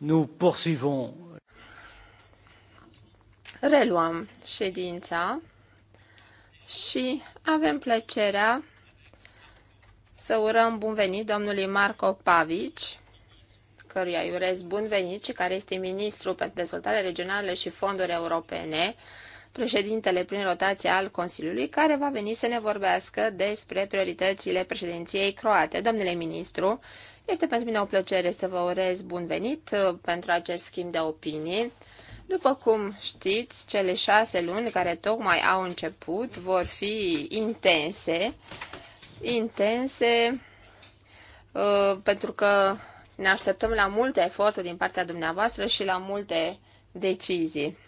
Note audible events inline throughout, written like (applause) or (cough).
Nous poursuivons. Reluăm ședința și avem plăcerea să urăm bun venit domnului Marco Pavici, căruia îi urez bun venit și care este ministru pentru dezvoltare regională și fonduri europene, președintele prin rotație al Consiliului, care va veni să ne vorbească despre prioritățile președinției croate. Domnule ministru, este pentru mine o plăcere să vă urez bun venit uh, pentru acest schimb de opinii. După cum știți, cele șase luni care tocmai au început vor fi intense, intense uh, pentru că ne așteptăm la multe eforturi din partea dumneavoastră și la multe decizii.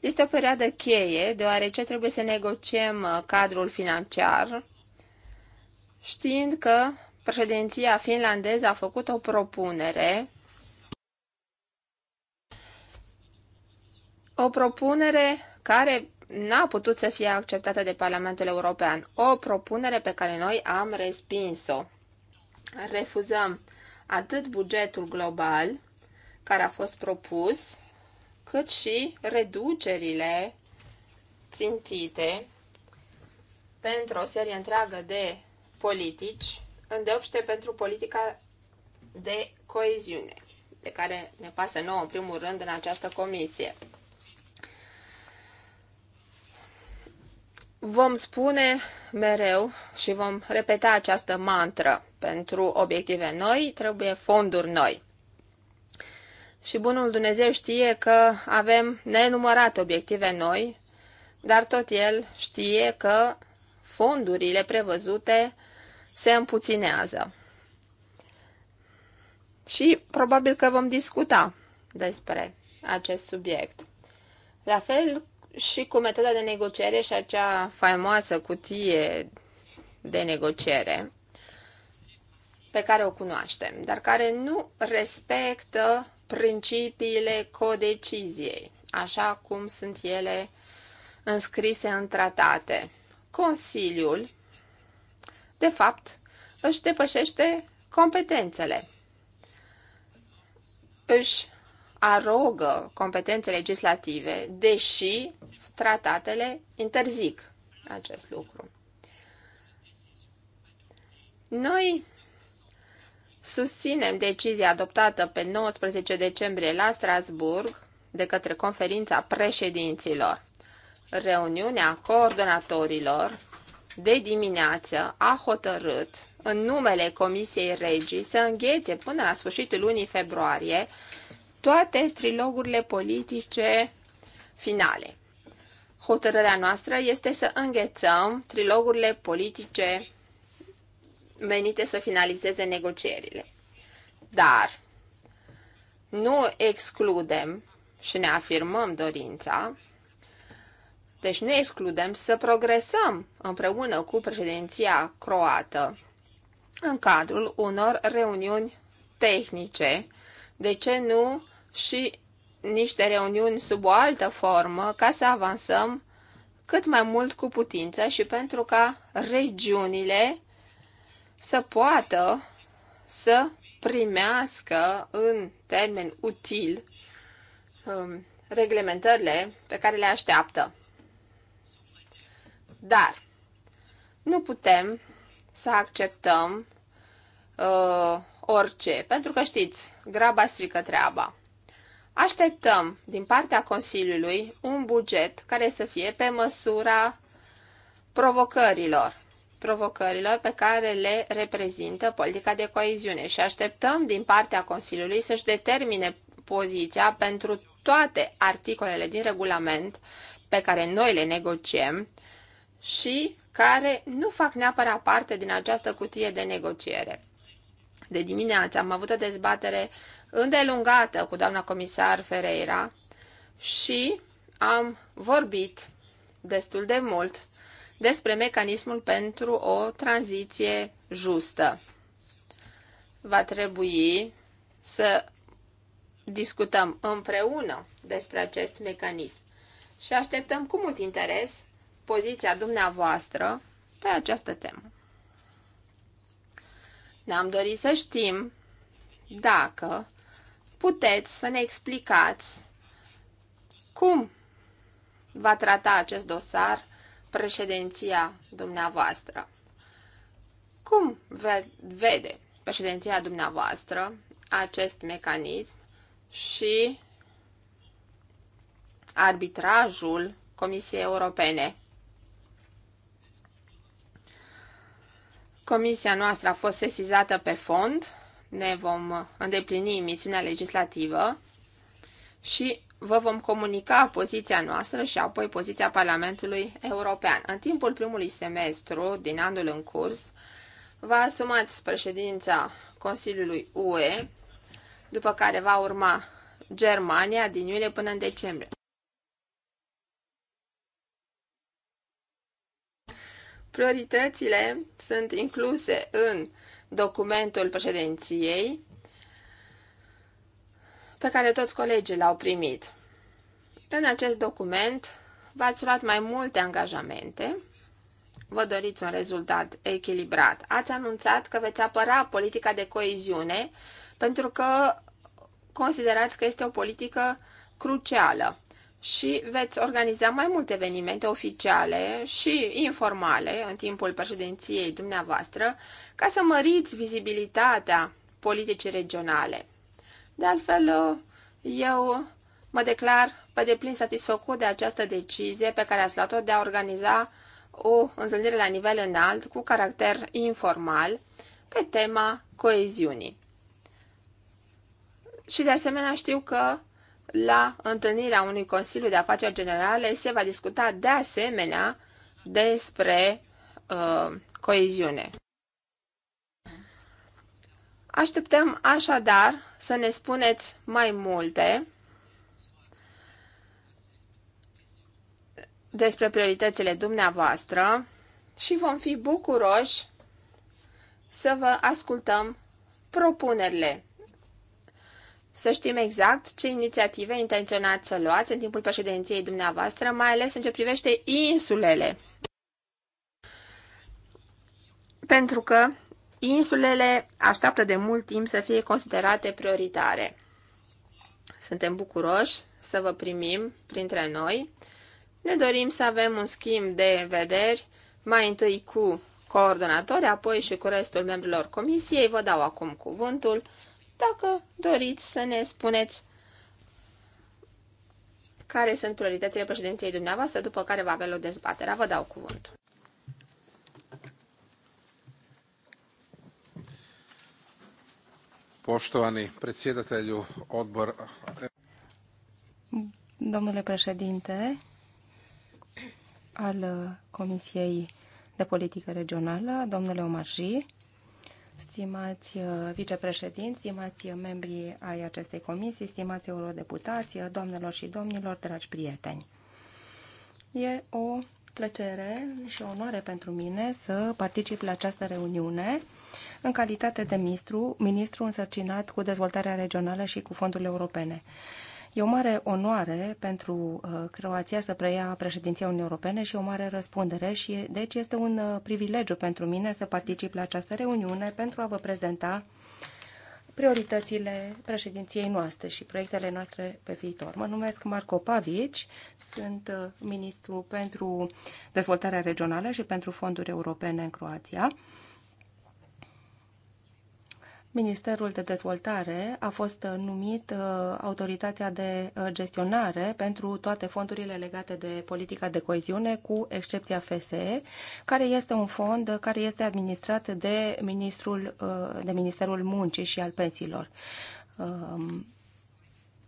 Este o perioadă cheie, deoarece trebuie să negociem uh, cadrul financiar, știind că Președinția finlandeză a făcut o propunere o propunere care n-a putut să fie acceptată de Parlamentul European. O propunere pe care noi am respins-o. Refuzăm atât bugetul global care a fost propus, cât și reducerile țintite pentru o serie întreagă de politici îndeopște pentru politica de coeziune, de care ne pasă nouă, în primul rând, în această comisie. Vom spune mereu și vom repeta această mantră. Pentru obiective noi trebuie fonduri noi. Și bunul Dumnezeu știe că avem nenumărate obiective noi, dar tot el știe că fondurile prevăzute se împuținează. Și probabil că vom discuta despre acest subiect. La fel și cu metoda de negociere și acea faimoasă cutie de negociere pe care o cunoaștem, dar care nu respectă principiile codeciziei, așa cum sunt ele înscrise în tratate. Consiliul, de fapt, își depășește competențele. Își arogă competențe legislative, deși tratatele interzic acest lucru. Noi susținem decizia adoptată pe 19 decembrie la Strasburg de către conferința președinților. Reuniunea coordonatorilor de dimineață a hotărât în numele Comisiei Regii să înghețe până la sfârșitul lunii februarie toate trilogurile politice finale. Hotărârea noastră este să înghețăm trilogurile politice menite să finalizeze negocierile. Dar nu excludem și ne afirmăm dorința, deci nu excludem să progresăm împreună cu președinția croată în cadrul unor reuniuni tehnice, de ce nu și niște reuniuni sub o altă formă ca să avansăm cât mai mult cu putință și pentru ca regiunile să poată să primească în termen util um, reglementările pe care le așteaptă. Dar nu putem să acceptăm uh, orice, pentru că știți, graba strică treaba. Așteptăm din partea Consiliului un buget care să fie pe măsura provocărilor, provocărilor pe care le reprezintă politica de coeziune și așteptăm din partea Consiliului să-și determine poziția pentru toate articolele din regulament pe care noi le negociem și care nu fac neapărat parte din această cutie de negociere. De dimineață am avut o dezbatere îndelungată cu doamna comisar Ferreira și am vorbit destul de mult despre mecanismul pentru o tranziție justă. Va trebui să discutăm împreună despre acest mecanism și așteptăm cu mult interes poziția dumneavoastră pe această temă. Ne-am dorit să știm dacă puteți să ne explicați cum va trata acest dosar președinția dumneavoastră. Cum vede președinția dumneavoastră acest mecanism și arbitrajul Comisiei Europene Comisia noastră a fost sesizată pe fond, ne vom îndeplini misiunea legislativă și vă vom comunica poziția noastră și apoi poziția Parlamentului European. În timpul primului semestru din anul în curs, vă asumați președința Consiliului UE, după care va urma Germania din iulie până în decembrie. Prioritățile sunt incluse în documentul președinției pe care toți colegii l-au primit. În acest document v-ați luat mai multe angajamente, vă doriți un rezultat echilibrat. Ați anunțat că veți apăra politica de coeziune pentru că considerați că este o politică crucială și veți organiza mai multe evenimente oficiale și informale în timpul președinției dumneavoastră ca să măriți vizibilitatea politicii regionale. De altfel, eu mă declar pe deplin satisfăcut de această decizie pe care ați luat-o de a organiza o întâlnire la nivel înalt cu caracter informal pe tema coeziunii. Și de asemenea știu că la întâlnirea unui Consiliu de Afaceri Generale se va discuta de asemenea despre uh, coeziune. Așteptăm așadar să ne spuneți mai multe despre prioritățile dumneavoastră și vom fi bucuroși să vă ascultăm propunerile să știm exact ce inițiative intenționați să luați în timpul președinției dumneavoastră, mai ales în ce privește insulele. Pentru că insulele așteaptă de mult timp să fie considerate prioritare. Suntem bucuroși să vă primim printre noi. Ne dorim să avem un schimb de vederi, mai întâi cu coordonatori, apoi și cu restul membrilor comisiei. Vă dau acum cuvântul dacă doriți să ne spuneți care sunt prioritățile președinției dumneavoastră, după care va avea o dezbaterea. Vă dau cuvântul. Poštovani predsjedatelju odbor... Domnule președinte al Comisiei de Politică Regională, domnule Omarji, stimați uh, vicepreședinți, stimați membrii ai acestei comisii, stimați eurodeputați, uh, doamnelor și domnilor, dragi prieteni. E o plăcere și o onoare pentru mine să particip la această reuniune în calitate de ministru, ministru însărcinat cu dezvoltarea regională și cu fondurile europene. E o mare onoare pentru uh, Croația să preia președinția Uniunii Europene și o mare răspundere și deci este un uh, privilegiu pentru mine să particip la această reuniune pentru a vă prezenta prioritățile președinției noastre și proiectele noastre pe viitor. Mă numesc Marco Pavici, sunt uh, ministru pentru dezvoltarea regională și pentru fonduri europene în Croația. Ministerul de Dezvoltare a fost numit uh, autoritatea de uh, gestionare pentru toate fondurile legate de politica de coeziune, cu excepția FSE, care este un fond care este administrat de, ministrul, uh, de Ministerul Muncii și al Pensiilor. Um,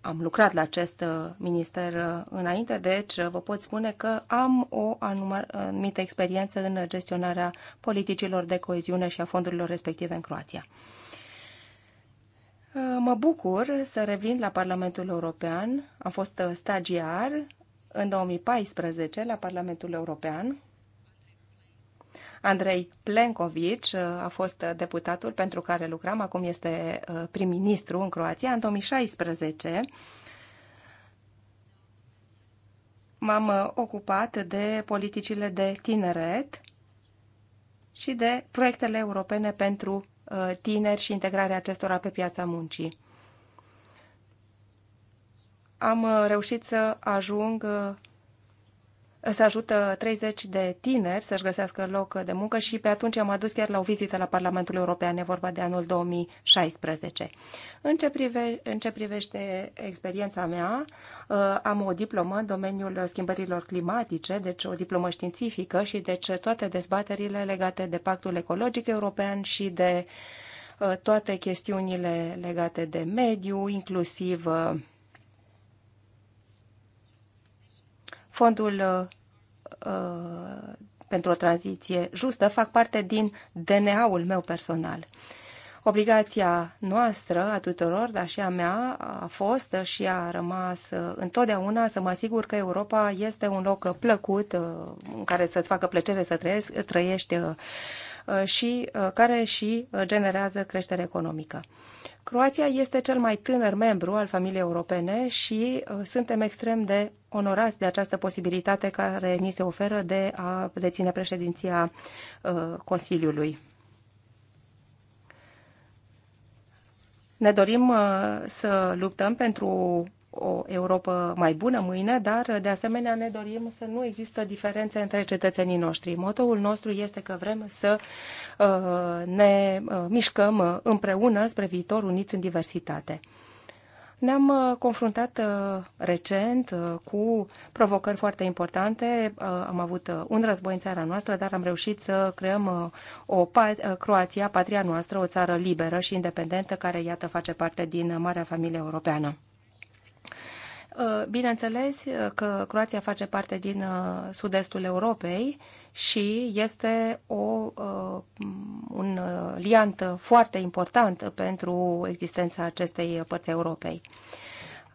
am lucrat la acest minister înainte, deci vă pot spune că am o anumită experiență în gestionarea politicilor de coeziune și a fondurilor respective în Croația. Uh, mă bucur să revin la Parlamentul European. Am fost uh, stagiar în 2014 la Parlamentul European. Andrei Plenković uh, a fost deputatul pentru care lucram, acum este prim-ministru în Croația. În 2016 m-am ocupat de politicile de tineret și de proiectele europene pentru Uh, tineri și integrarea acestora pe piața muncii. Am uh, reușit să ajung uh, se ajută 30 de tineri să-și găsească loc de muncă și pe atunci am adus chiar la o vizită la Parlamentul European, e vorba de anul 2016. În ce, prive, în ce privește experiența mea, uh, am o diplomă în domeniul schimbărilor climatice, deci o diplomă științifică și deci toate dezbaterile legate de pactul ecologic european și de uh, toate chestiunile legate de mediu, inclusiv uh, fondul uh, uh, pentru o tranziție justă fac parte din DNA-ul meu personal. Obligația noastră a tuturor, dar și a mea, a fost și a rămas uh, întotdeauna să mă asigur că Europa este un loc plăcut uh, în care să-ți facă plăcere să trăiesc, trăiești și care și generează creștere economică. Croația este cel mai tânăr membru al familiei europene și uh, suntem extrem de onorați de această posibilitate care ni se oferă de a deține președinția uh, Consiliului. Ne dorim uh, să luptăm pentru o Europa mai bună mâine, dar de asemenea ne dorim să nu există diferențe între cetățenii noștri. Motoul nostru este că vrem să uh, ne uh, mișcăm împreună spre viitor uniți în diversitate. Ne-am uh, confruntat recent cu provocări foarte importante. Am avut un război în țara noastră, dar am reușit să creăm o Croația, patria noastră, o țară liberă și independentă, care, iată, face parte din marea familie europeană. Uh, bineînțeles uh, că Croația face parte din uh, sud-estul Europei și este o, un liant foarte important pentru existența acestei părți Europei.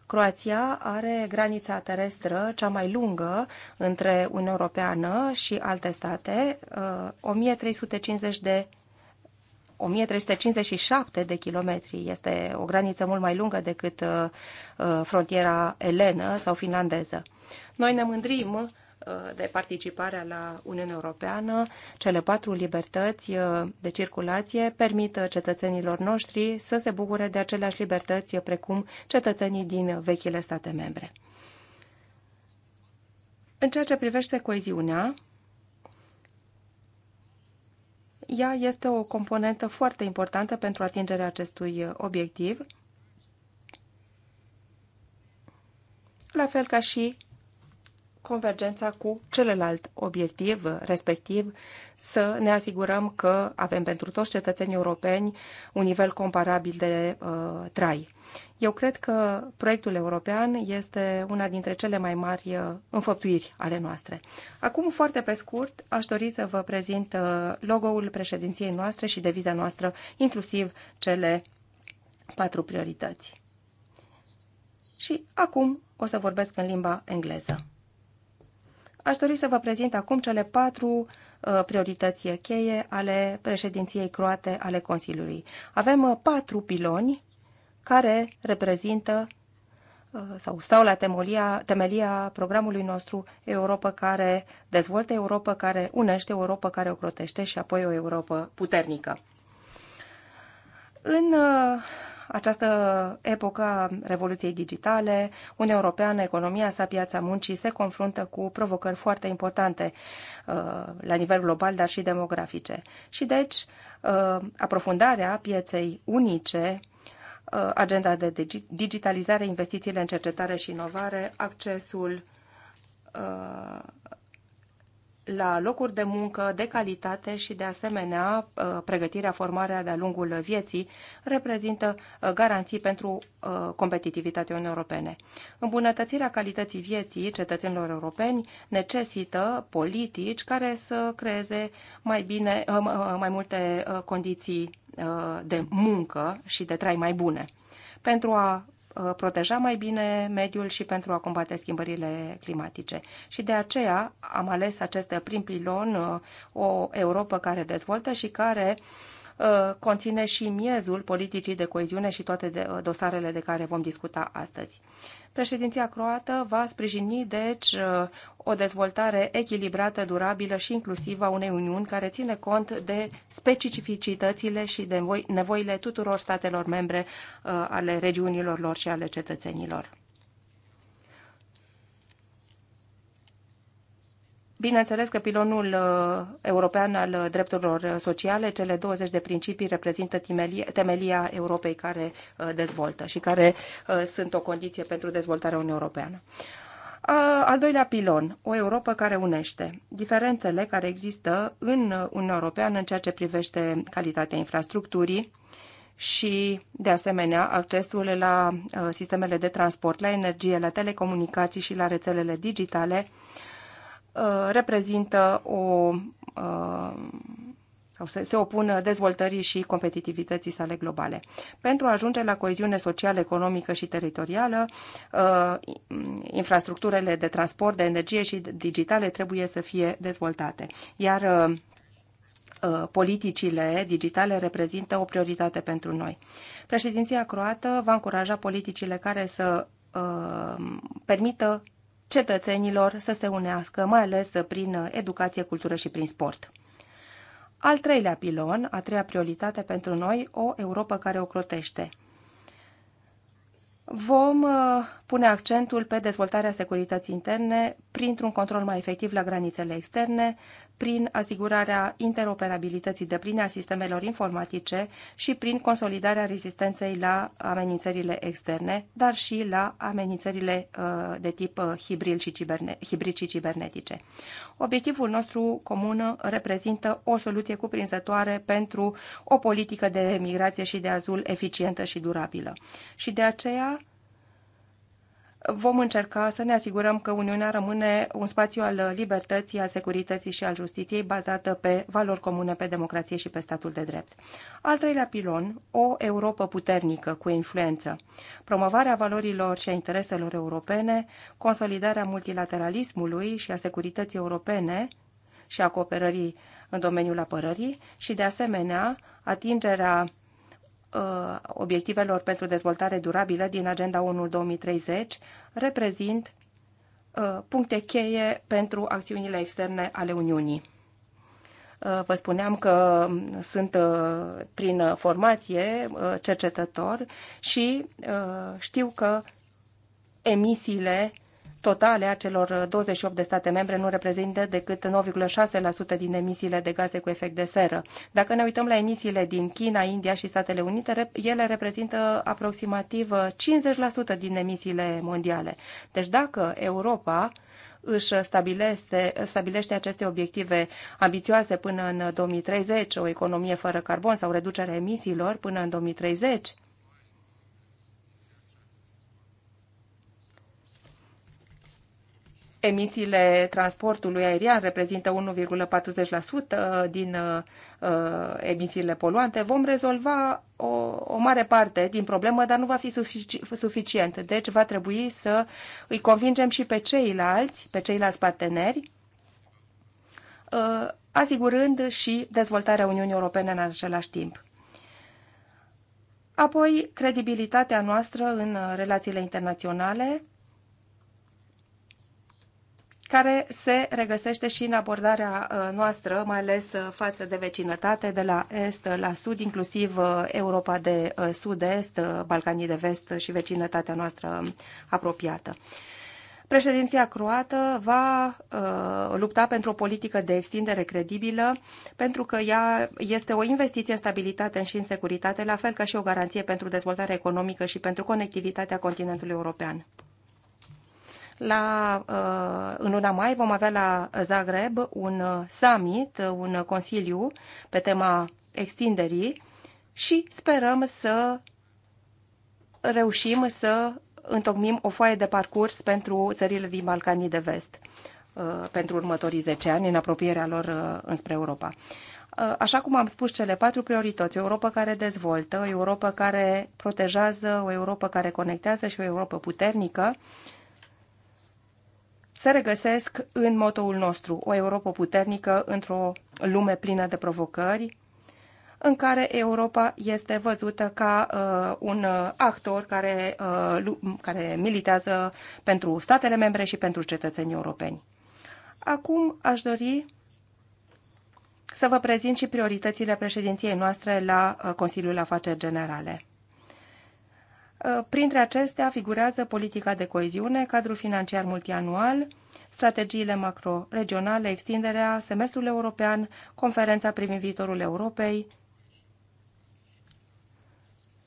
Croația are granița terestră cea mai lungă între Uniunea Europeană și alte state, 1350 de 1357 de kilometri. Este o graniță mult mai lungă decât uh, uh, frontiera elenă sau finlandeză. Noi ne mândrim uh, de participarea la Uniunea Europeană, cele patru libertăți de circulație permit cetățenilor noștri să se bucure de aceleași libertăți precum cetățenii din vechile state membre. În ceea ce privește coeziunea, ea este o componentă foarte importantă pentru atingerea acestui obiectiv, la fel ca și convergența cu celălalt obiectiv, respectiv să ne asigurăm că avem pentru toți cetățenii europeni un nivel comparabil de uh, trai. Eu cred că proiectul european este una dintre cele mai mari uh, înfăptuiri ale noastre. Acum, foarte pe scurt, aș dori să vă prezint uh, logo-ul președinției noastre și deviza noastră, inclusiv cele patru priorități. Și acum o să vorbesc în limba engleză. Aș dori să vă prezint acum cele patru uh, priorități cheie ale președinției croate ale Consiliului. Avem patru piloni care reprezintă uh, sau stau la temelia, temelia programului nostru Europa care dezvoltă Europa, care unește Europa, care o crotește și apoi o Europa puternică. În uh, această epocă a revoluției digitale, Uniunea Europeană, economia sa, piața muncii se confruntă cu provocări foarte importante uh, la nivel global, dar și demografice. Și deci, aprofundarea pieței unice Uh, agenda de digitalizare, investițiile în cercetare și inovare, accesul uh, la locuri de muncă de calitate și, de asemenea, uh, pregătirea, formarea de-a lungul vieții reprezintă garanții pentru competitivitatea Uniunii Europene. Îmbunătățirea calității vieții cetățenilor europeni necesită politici care să creeze mai bine, mai multe condiții Uh, de muncă și de trai mai bune, pentru a uh, proteja mai bine mediul și pentru a combate schimbările climatice. Și de aceea am ales acest prim pilon, uh, o Europa care dezvoltă și care uh, Uh, conține și miezul politicii de coeziune și toate uh, dosarele de care vom discuta astăzi. Președinția croată va sprijini, deci, uh, o dezvoltare echilibrată, durabilă și inclusivă a unei uniuni care ține cont de specificitățile și de nevoile tuturor statelor membre ale regiunilor lor și ale cetățenilor. Bineînțeles că pilonul uh, european al uh, drepturilor uh, sociale, cele 20 de principii, reprezintă temelia Europei care dezvoltă și care sunt o condiție pentru dezvoltarea Uniunii Europeană. Al doilea pilon, o Europa care unește. Diferențele care există în Uniunea Europeană în ceea ce privește calitatea infrastructurii și, de asemenea, accesul la sistemele de transport, la energie, la telecomunicații și la rețelele digitale, uh, Uh, reprezintă o uh, sau se, se opun dezvoltării și competitivității sale globale. Pentru a ajunge la coeziune socială, economică și teritorială, uh, infrastructurile de transport, de energie și digitale trebuie să fie dezvoltate. Iar politicile digitale reprezintă o prioritate pentru noi. Președinția croată va încuraja politicile care să permită cetățenilor să se unească, mai ales prin educație, cultură și prin sport. Al treilea pilon, a treia prioritate pentru noi, o Europa care o crotește. Vom uh, pune accentul pe dezvoltarea securității interne printr-un control mai efectiv la granițele externe, prin asigurarea interoperabilității de pline a sistemelor informatice și prin consolidarea rezistenței la amenințările externe, dar și la amenințările uh, de tip uh, hibrid și, hibrid și cibernetice. Obiectivul nostru comun reprezintă o soluție cuprinzătoare pentru o politică de migrație și de azul eficientă și durabilă. Și de aceea vom încerca să ne asigurăm că Uniunea rămâne un spațiu al libertății, al securității și al justiției bazată pe valori comune, pe democrație și pe statul de drept. Al treilea pilon, o Europa puternică cu influență. Promovarea valorilor și a intereselor europene, consolidarea multilateralismului și a securității europene și a cooperării în domeniul apărării și, de asemenea, atingerea Uh, obiectivelor pentru dezvoltare durabilă din Agenda 1 2030 reprezint uh, puncte cheie pentru acțiunile externe ale Uniunii. Uh, vă spuneam că um, sunt prin formație cercetător și știu că emisiile totale a celor 28 uh, de state membre nu reprezintă decât 9,6% din emisiile de gaze cu efect de seră. Dacă ne uităm la emisiile din China, India și Statele Unite, ele reprezintă aproximativ 50% uh, din emisiile mondiale. Deci dacă Europa își stabilește, stabilește aceste obiective ambițioase până în 2030, o economie fără carbon sau reducerea emisiilor până în 2030, Emisiile transportului aerian reprezintă 1,40% din uh, emisiile poluante. Vom rezolva o, o mare parte din problemă, dar nu va fi sufici, suficient. Deci va trebui să îi convingem și pe ceilalți, pe ceilalți parteneri, uh, asigurând și dezvoltarea Uniunii Europene în același timp. Apoi, credibilitatea noastră în uh, relațiile internaționale care se regăsește și în abordarea uh, noastră, mai ales uh, față de vecinătate, de la est la sud, inclusiv uh, Europa de sud-est, Balcanii de vest și vecinătatea noastră apropiată. Președinția croată va uh, lupta pentru o politică de extindere credibilă, pentru că ea este o investiție în stabilitate și în securitate, la fel ca și o garanție pentru dezvoltarea economică și pentru conectivitatea continentului european. La, uh, în luna mai vom avea la Zagreb un uh, summit, uh, un consiliu pe tema extinderii și sperăm să reușim să întocmim o foaie de parcurs pentru țările din Balcanii de Vest pentru următorii 10 ani în apropierea lor înspre Europa. Așa cum am spus, cele patru priorități, o Europa care dezvoltă, o Europa care protejează, o Europa care conectează și o Europa puternică, se regăsesc în motoul nostru, o Europa puternică într-o lume plină de provocări, în care Europa este văzută ca uh, un uh, actor care, uh, care militează pentru statele membre și pentru cetățenii europeni. Acum aș dori să vă prezint și prioritățile președinției noastre la uh, Consiliul Afaceri Generale. Uh, printre acestea figurează politica de coeziune, cadrul financiar multianual, strategiile macro-regionale, extinderea, semestrului european, conferența privind viitorul Europei.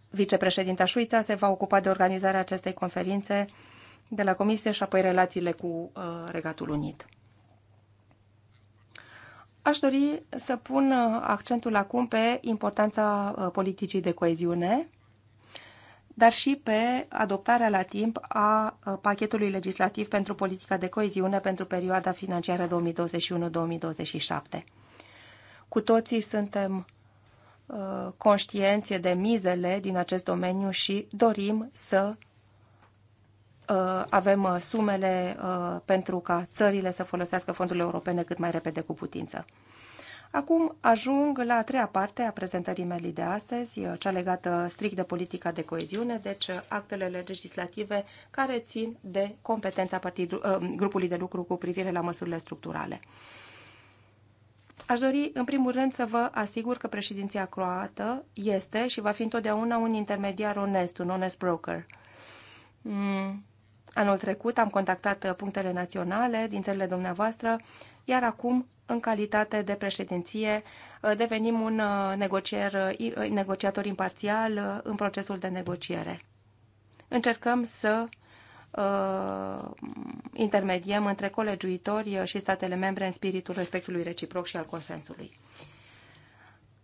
Vicepreședinta Șuița se va ocupa de organizarea acestei conferințe de la Comisie și apoi relațiile cu uh, Regatul Unit. Aș dori să pun uh, accentul acum pe importanța uh, politicii de coeziune dar și pe adoptarea la timp a pachetului legislativ pentru politica de coeziune pentru perioada financiară 2021-2027. Cu toții suntem uh, conștienți de mizele din acest domeniu și dorim să uh, avem uh, sumele pentru ca țările să folosească fondurile europene cât mai repede cu putință. Acum ajung la a treia parte a prezentării mele de astăzi, cea legată strict de politica de coeziune, deci actele legislative care țin de competența partidul, ă, grupului de lucru cu privire la măsurile structurale. Aș dori, în primul rând, să vă asigur că președinția croată este și va fi întotdeauna un intermediar onest, un honest broker. Mm, anul trecut am contactat punctele naționale din țările dumneavoastră iar acum, în calitate de președinție, uh, devenim un uh, negocier, uh, negociator imparțial în procesul de negociere. Încercăm să uh, intermediem între colegiuitori și statele membre în spiritul respectului reciproc și al consensului.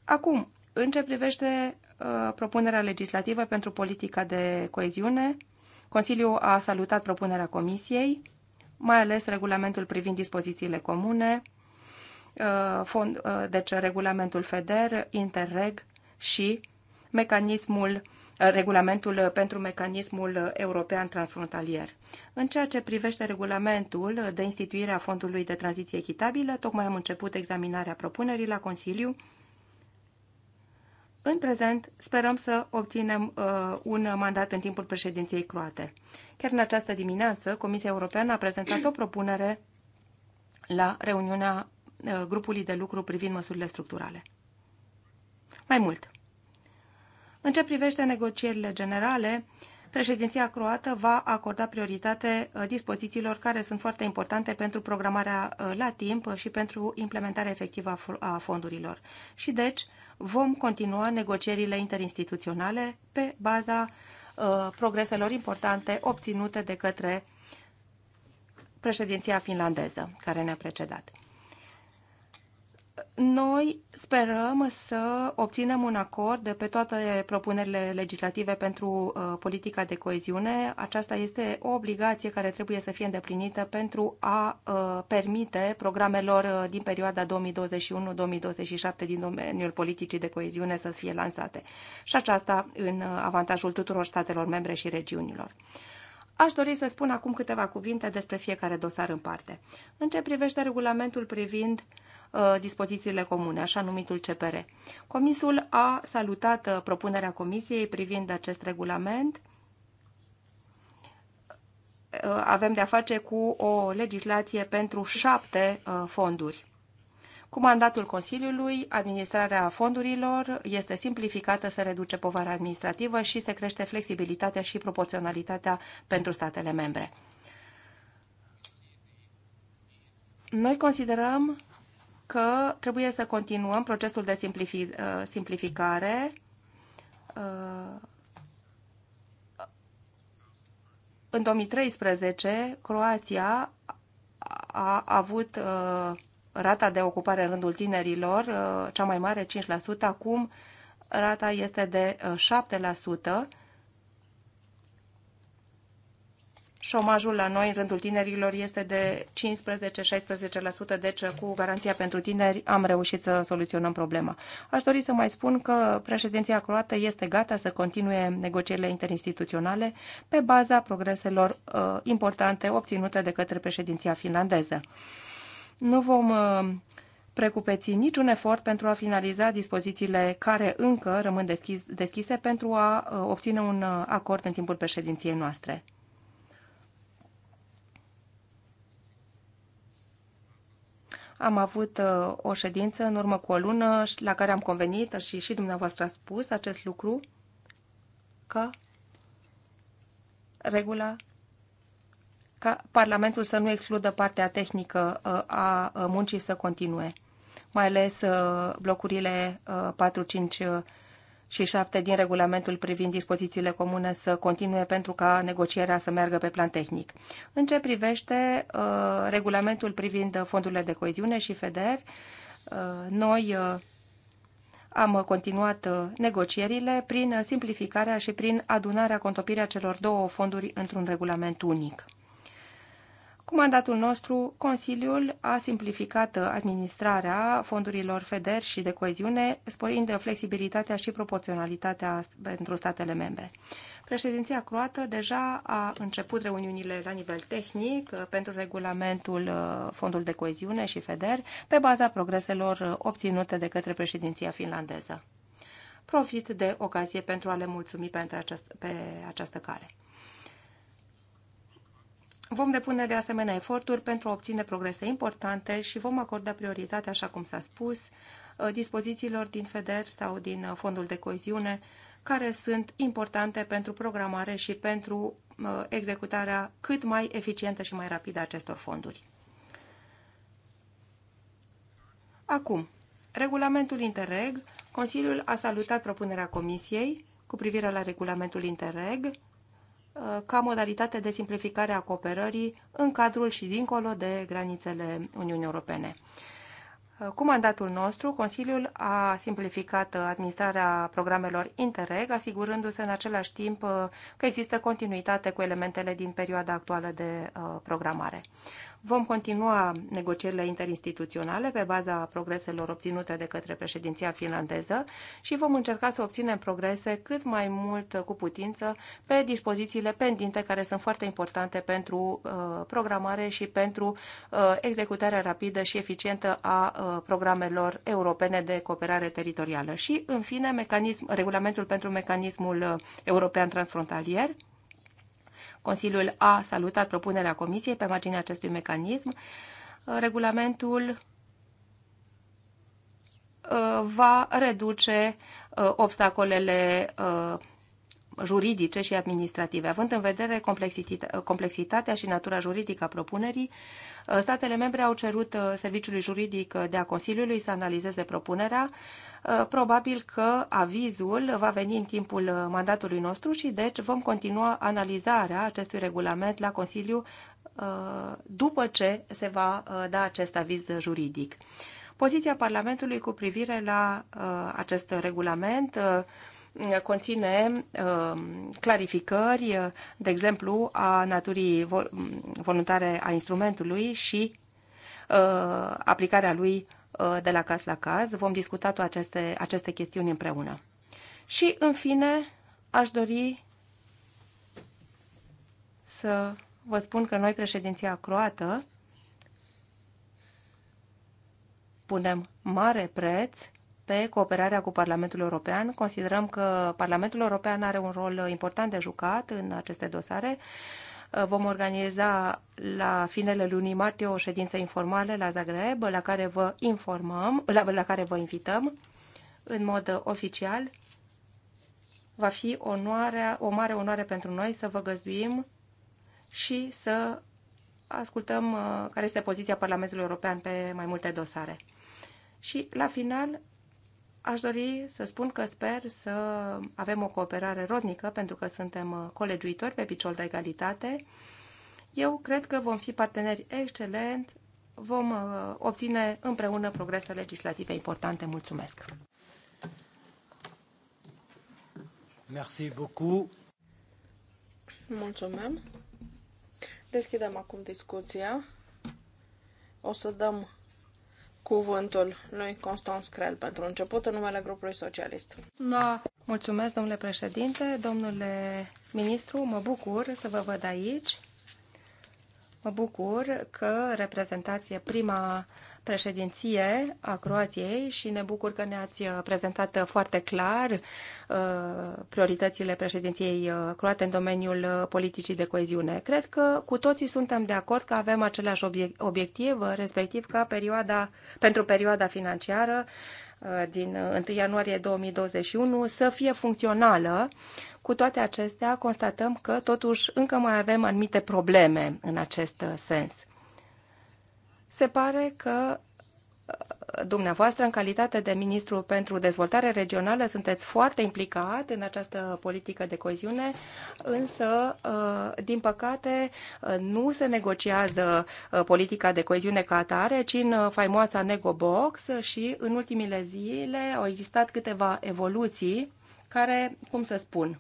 Acum, în ce privește uh, propunerea legislativă pentru politica de coeziune, Consiliul a salutat propunerea Comisiei mai ales regulamentul privind dispozițiile comune, uh, fond, uh, deci regulamentul FEDER, Interreg și mecanismul uh, regulamentul pentru mecanismul european transfrontalier. În ceea ce privește regulamentul de instituire a Fondului de Tranziție Echitabilă, tocmai am început examinarea propunerii la Consiliu în prezent, sperăm să obținem uh, un mandat în timpul președinției croate. Chiar în această dimineață, Comisia Europeană a prezentat o propunere la reuniunea uh, grupului de lucru privind măsurile structurale. Mai mult, în ce privește negocierile generale, președinția croată va acorda prioritate uh, dispozițiilor care sunt foarte importante pentru programarea uh, la timp și pentru implementarea efectivă a fondurilor. Și deci, vom continua negocierile interinstituționale pe baza uh, progreselor importante obținute de către președinția finlandeză care ne-a precedat noi sperăm să obținem un acord de pe toate propunerile legislative pentru uh, politica de coeziune. Aceasta este o obligație care trebuie să fie îndeplinită pentru a uh, permite programelor uh, din perioada 2021-2027 din domeniul politicii de coeziune să fie lansate. Și aceasta în avantajul tuturor statelor membre și regiunilor. Aș dori să spun acum câteva cuvinte despre fiecare dosar în parte. În ce privește regulamentul privind uh, Uh, dispozițiile comune, așa numitul CPR. Comisul a salutat uh, propunerea Comisiei privind acest regulament. Uh, avem de-a face cu o legislație pentru șapte fonduri. Cu mandatul Consiliului, administrarea fondurilor este simplificată, se reduce povara administrativă și se crește flexibilitatea și proporționalitatea pentru statele membre. Noi considerăm că trebuie să continuăm procesul de uh, simplificare uh, în 2013, Croația a avut uh, rata de ocupare în rândul tinerilor, cea mai mare, 5%. Acum rata este de 7%. șomajul la noi în rândul tinerilor este de 15-16%, deci cu garanția pentru tineri am reușit să soluționăm problema. Aș dori să mai spun că președinția croată este gata să continue negocierile interinstituționale pe baza progreselor uh, importante obținute de către președinția finlandeză. Nu vom uh, precupeți niciun efort pentru a finaliza dispozițiile care încă rămân deschis, deschise pentru a uh, obține un uh, acord în timpul președinției noastre. Am avut uh, o ședință în urmă cu o lună la care am convenit și și dumneavoastră a spus acest lucru că regula ca Parlamentul să nu excludă partea tehnică uh, a uh, muncii să continue, mai ales blocurile 4, 5, și 7 din regulamentul privind dispozițiile comune să continue pentru ca negocierea să meargă pe plan tehnic. În ce privește uh, regulamentul privind fondurile de coeziune și FEDER, uh, noi uh, am continuat uh, negocierile prin simplificarea și prin adunarea contopirea celor două fonduri într-un regulament unic. Cu mandatul nostru, Consiliul a simplificat administrarea fondurilor FEDER și de coeziune, sporind flexibilitatea și proporționalitatea pentru statele membre. Președinția croată deja a început reuniunile la nivel tehnic uh, pentru regulamentul uh, Fondul de Coeziune și FEDER pe baza progreselor uh, obținute de către președinția finlandeză. Profit de ocazie pentru a le mulțumi pe această cale. Vom depune de asemenea eforturi pentru a obține progrese importante și vom acorda prioritate, așa cum s-a spus, uh, dispozițiilor din FEDER sau din uh, Fondul de Coeziune, care sunt importante pentru programare și pentru uh, executarea cât mai eficientă și mai rapidă a acestor fonduri. Acum, regulamentul Interreg, Consiliul a salutat propunerea Comisiei cu privire la regulamentul Interreg, ca modalitate de simplificare a cooperării în cadrul și dincolo de granițele Uniunii Europene. Cu mandatul nostru, Consiliul a simplificat administrarea programelor Interreg, asigurându-se în același timp că există continuitate cu elementele din perioada actuală de uh, programare. Vom continua negocierile interinstituționale pe baza progreselor obținute de către președinția finlandeză și vom încerca să obținem progrese cât mai mult cu putință pe dispozițiile pendinte care sunt foarte importante pentru uh, programare și pentru uh, executarea rapidă și eficientă a uh, programelor europene de cooperare teritorială. Și, în fine, mecanism, regulamentul pentru mecanismul uh, european transfrontalier Consiliul a salutat propunerea Comisiei pe marginea acestui mecanism. Uh, regulamentul uh, va reduce uh, obstacolele juridice și administrative. Având în vedere complexitatea și natura juridică a propunerii, statele membre au cerut Serviciului Juridic de a Consiliului să analizeze propunerea Uh, probabil că avizul va veni în timpul uh, mandatului nostru și deci vom continua analizarea acestui regulament la Consiliu uh, după ce se va da acest aviz juridic. Poziția Parlamentului cu privire la acest regulament conține clarificări, de exemplu, a naturii voluntare a instrumentului și aplicarea lui Uh, de la caz la caz. Vom discuta toate aceste, aceste chestiuni împreună. Și, în fine, aș dori să vă spun că noi, președinția croată, punem mare preț pe cooperarea cu Parlamentul European. Considerăm că Parlamentul European are un rol important de jucat în aceste dosare. Uh, Uh, vom organiza la finele lunii martie o ședință informală la Zagreb, la care vă informăm, la, la care vă invităm în mod oficial. Va fi onoarea, o mare onoare pentru noi să vă găzduim și să ascultăm uh, care este poziția Parlamentului European pe mai multe dosare. Și la final Aș dori să spun că sper să avem o cooperare rodnică, pentru că suntem uh, colegiuitori pe picior de egalitate. Eu cred că vom fi parteneri excelent, vom uh, obține împreună progrese legislative importante. Mulțumesc! Merci beaucoup. Mulțumim. Deschidem acum discuția. O să dăm cuvântul lui Constans Crel pentru început în numele grupului socialist. Da. Mulțumesc, domnule președinte, domnule ministru, mă bucur să vă văd aici. Mă bucur că reprezentație prima președinție a Croației și ne bucur că ne-ați uh, prezentat uh, foarte clar uh, prioritățile președinției croate în domeniul politicii de coeziune. Cred că cu toții suntem de acord că avem același obiectiv, respectiv ca perioada, pentru perioada financiară din 1 ianuarie 2021 să fie funcțională. Cu toate acestea, constatăm că totuși încă mai avem anumite probleme în acest sens se pare că uh, dumneavoastră, în calitate de ministru pentru dezvoltare regională, sunteți foarte implicat în această politică de coziune, însă, uh, din păcate, uh, nu se negociază politica de coziune ca atare, ci în faimoasa Negobox și în ultimile zile au existat câteva evoluții care, cum să spun,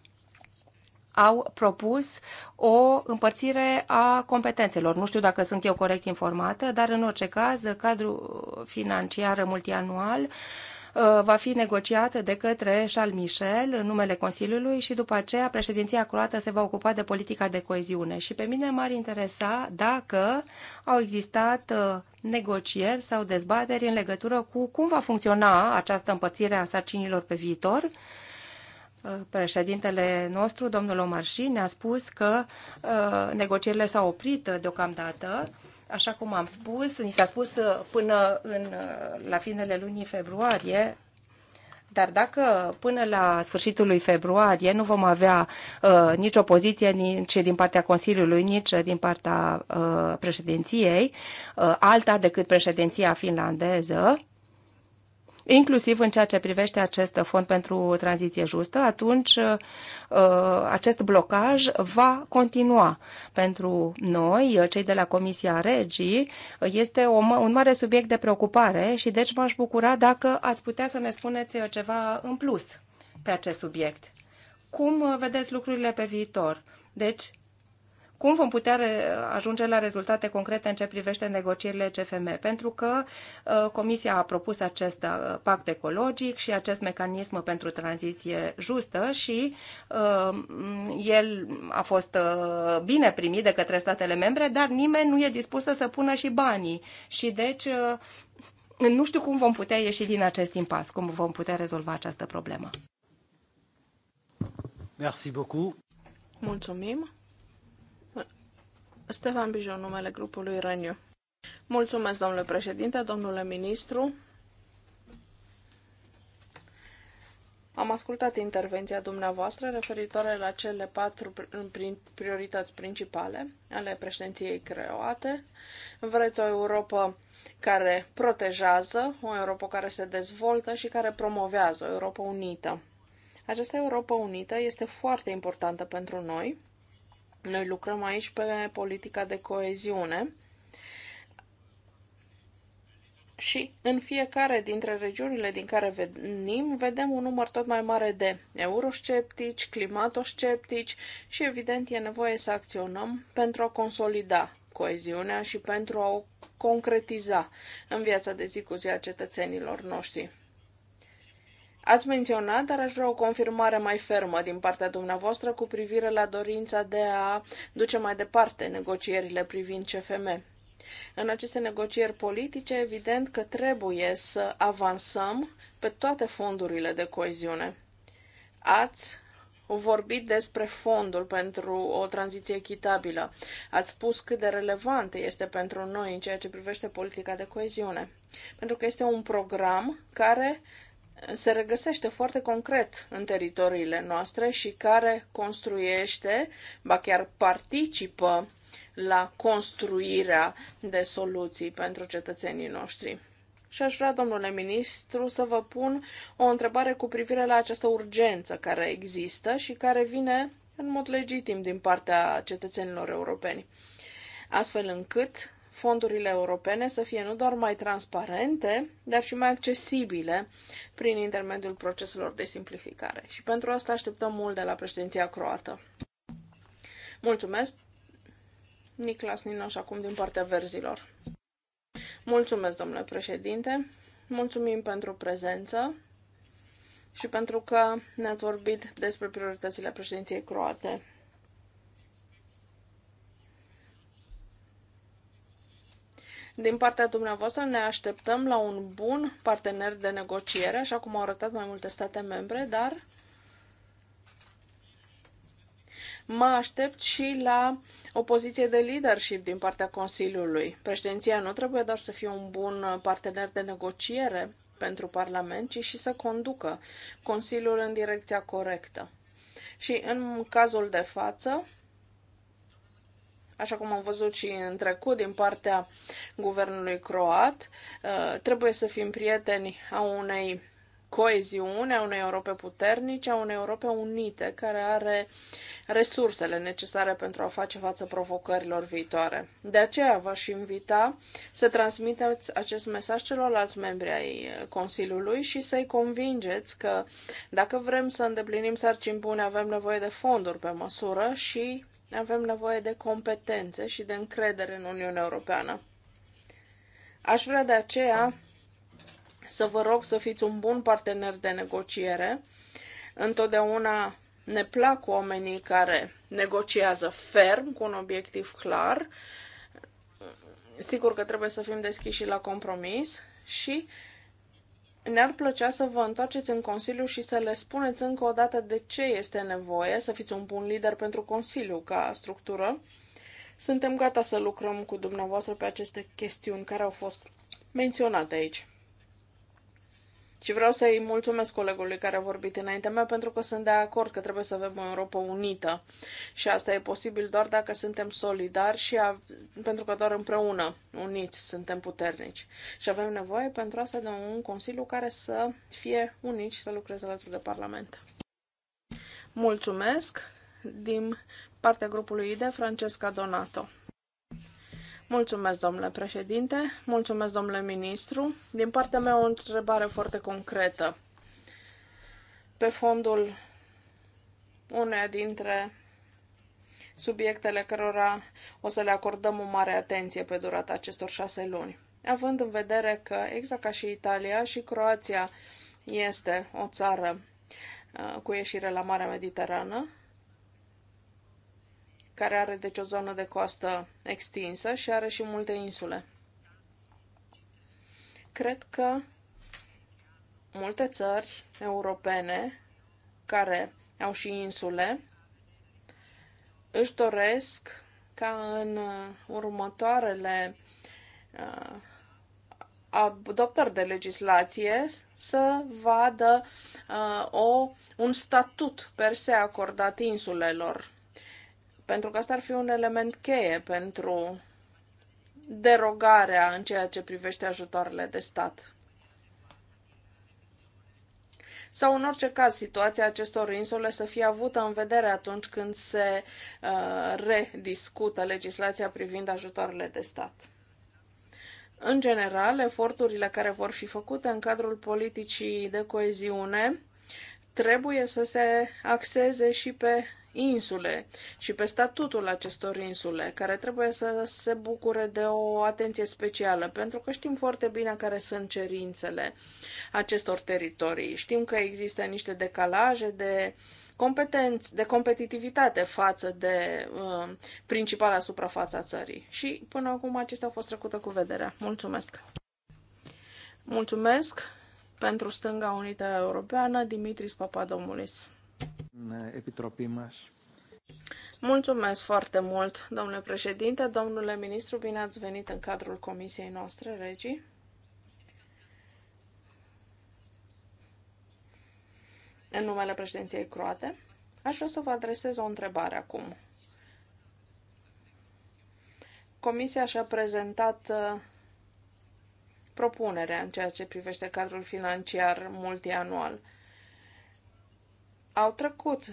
au propus o împărțire a competențelor. Nu știu dacă sunt eu corect informată, dar în orice caz, cadrul financiar multianual uh, va fi negociat de către Charles Michel în numele Consiliului și după aceea președinția croată se va ocupa de politica de coeziune. Și pe mine m-ar interesa dacă au existat uh, negocieri sau dezbateri în legătură cu cum va funcționa această împărțire a sarcinilor pe viitor Uh, președintele nostru, domnul Omarșii, ne-a spus că uh, negocierile s-au oprit deocamdată. Așa cum am spus, ni s-a spus uh, până în, la finele lunii februarie, dar dacă până la sfârșitul lui februarie nu vom avea uh, nicio poziție nici din partea Consiliului, nici din partea uh, președinției, uh, alta decât președinția finlandeză, inclusiv în ceea ce privește acest fond pentru tranziție justă, atunci uh, acest blocaj va continua. Pentru noi, uh, cei de la Comisia Regii, uh, este un mare subiect de preocupare și deci m-aș bucura dacă ați putea să ne spuneți ceva în plus pe acest subiect. Cum vedeți lucrurile pe viitor? Deci, cum vom putea ajunge la rezultate concrete în ce privește negocierile CFM, pentru că uh, Comisia a propus acest uh, pact ecologic și acest mecanism pentru tranziție justă și uh, el a fost bine primit de către statele membre, dar nimeni nu e dispus să pună și banii. Și deci nu știu cum vom putea ieși din acest impas, cum vom putea rezolva această problemă. Merci beaucoup. Mulțumim. Stefan Bijon, numele grupului Reniu. Mulțumesc, domnule președinte, domnule ministru. Am ascultat intervenția dumneavoastră referitoare la cele patru priorități principale ale președinției create. Vreți o Europa care protejează, o Europa care se dezvoltă și care promovează, o Europa unită. Această Europa unită este foarte importantă pentru noi noi lucrăm aici pe politica de coeziune și în fiecare dintre regiunile din care venim, vedem un număr tot mai mare de eurosceptici, climatosceptici și, evident, e nevoie să acționăm pentru a consolida coeziunea și pentru a o concretiza în viața de zi cu zi a cetățenilor noștri. Ați menționat, dar aș vrea o confirmare mai fermă din partea dumneavoastră cu privire la dorința de a duce mai departe negocierile privind CFM. În aceste negocieri politice, evident că trebuie să avansăm pe toate fondurile de coeziune. Ați vorbit despre fondul pentru o tranziție echitabilă. Ați spus cât de relevant este pentru noi în ceea ce privește politica de coeziune. Pentru că este un program care se regăsește foarte concret în teritoriile noastre și care construiește, ba chiar participă la construirea de soluții pentru cetățenii noștri. Și aș vrea, domnule ministru, să vă pun o întrebare cu privire la această urgență care există și care vine în mod legitim din partea cetățenilor europeni, astfel încât fondurile europene să fie nu doar mai transparente, dar și mai accesibile prin intermediul proceselor de simplificare. Și pentru asta așteptăm mult de la președinția croată. Mulțumesc, Niclas Ninoș, acum din partea verzilor. Mulțumesc, domnule președinte, mulțumim pentru prezență și pentru că ne-ați vorbit despre prioritățile președinției croate Din partea dumneavoastră ne așteptăm la un bun partener de negociere, așa cum au arătat mai multe state membre, dar mă aștept și la o poziție de leadership din partea Consiliului. Președinția nu trebuie doar să fie un bun partener de negociere pentru Parlament, ci și să conducă Consiliul în direcția corectă. Și în cazul de față, așa cum am văzut și în trecut din partea guvernului croat. Uh, trebuie să fim prieteni a unei coeziune, a unei Europe puternice, a unei Europe unite, care are resursele necesare pentru a face față provocărilor viitoare. De aceea v-aș invita să transmiteți acest mesaj celorlalți membri ai Consiliului și să-i convingeți că dacă vrem să îndeplinim sarcini bune, avem nevoie de fonduri pe măsură și avem nevoie de competențe și de încredere în Uniunea Europeană. Aș vrea de aceea să vă rog să fiți un bun partener de negociere. Întotdeauna ne plac oamenii care negociază ferm, cu un obiectiv clar. Sigur că trebuie să fim deschiși și la compromis și ne-ar plăcea să vă întoarceți în Consiliu și să le spuneți încă o dată de ce este nevoie să fiți un bun lider pentru Consiliu ca structură. Suntem gata să lucrăm cu dumneavoastră pe aceste chestiuni care au fost menționate aici. Și vreau să-i mulțumesc colegului care a vorbit înaintea mea pentru că sunt de acord că trebuie să avem o Europa unită. Și asta e posibil doar dacă suntem solidari și a... pentru că doar împreună, uniți, suntem puternici. Și avem nevoie pentru asta de un Consiliu care să fie unit și să lucreze alături de Parlament. Mulțumesc din partea grupului ID Francesca Donato. Mulțumesc, domnule președinte, mulțumesc, domnule ministru. Din partea mea, o întrebare foarte concretă. Pe fondul uneia dintre subiectele cărora o să le acordăm o mare atenție pe durata acestor șase luni. Având în vedere că, exact ca și Italia, și Croația este o țară uh, cu ieșire la Marea Mediterană, care are deci o zonă de coastă extinsă și are și multe insule. Cred că multe țări europene care au și insule își doresc ca în următoarele uh, adoptări de legislație să vadă uh, o, un statut per se acordat insulelor pentru că asta ar fi un element cheie pentru derogarea în ceea ce privește ajutoarele de stat. Sau, în orice caz, situația acestor insule să fie avută în vedere atunci când se uh, rediscută legislația privind ajutoarele de stat. În general, eforturile care vor fi făcute în cadrul politicii de coeziune trebuie să se axeze și pe insule și pe statutul acestor insule, care trebuie să se bucure de o atenție specială, pentru că știm foarte bine care sunt cerințele acestor teritorii. Știm că există niște decalaje de competenți, de competitivitate față de uh, principala suprafață a țării. Și până acum acestea au fost trecute cu vederea. Mulțumesc! Mulțumesc pentru Stânga Unită Europeană, Dimitris Papadomulis. Mulțumesc foarte mult, domnule președinte, domnule ministru, bine ați venit în cadrul comisiei noastre, regii. În numele președinției croate, aș vrea să vă adresez o întrebare acum. Comisia și-a prezentat uh, propunerea în ceea ce privește cadrul financiar multianual. Au trecut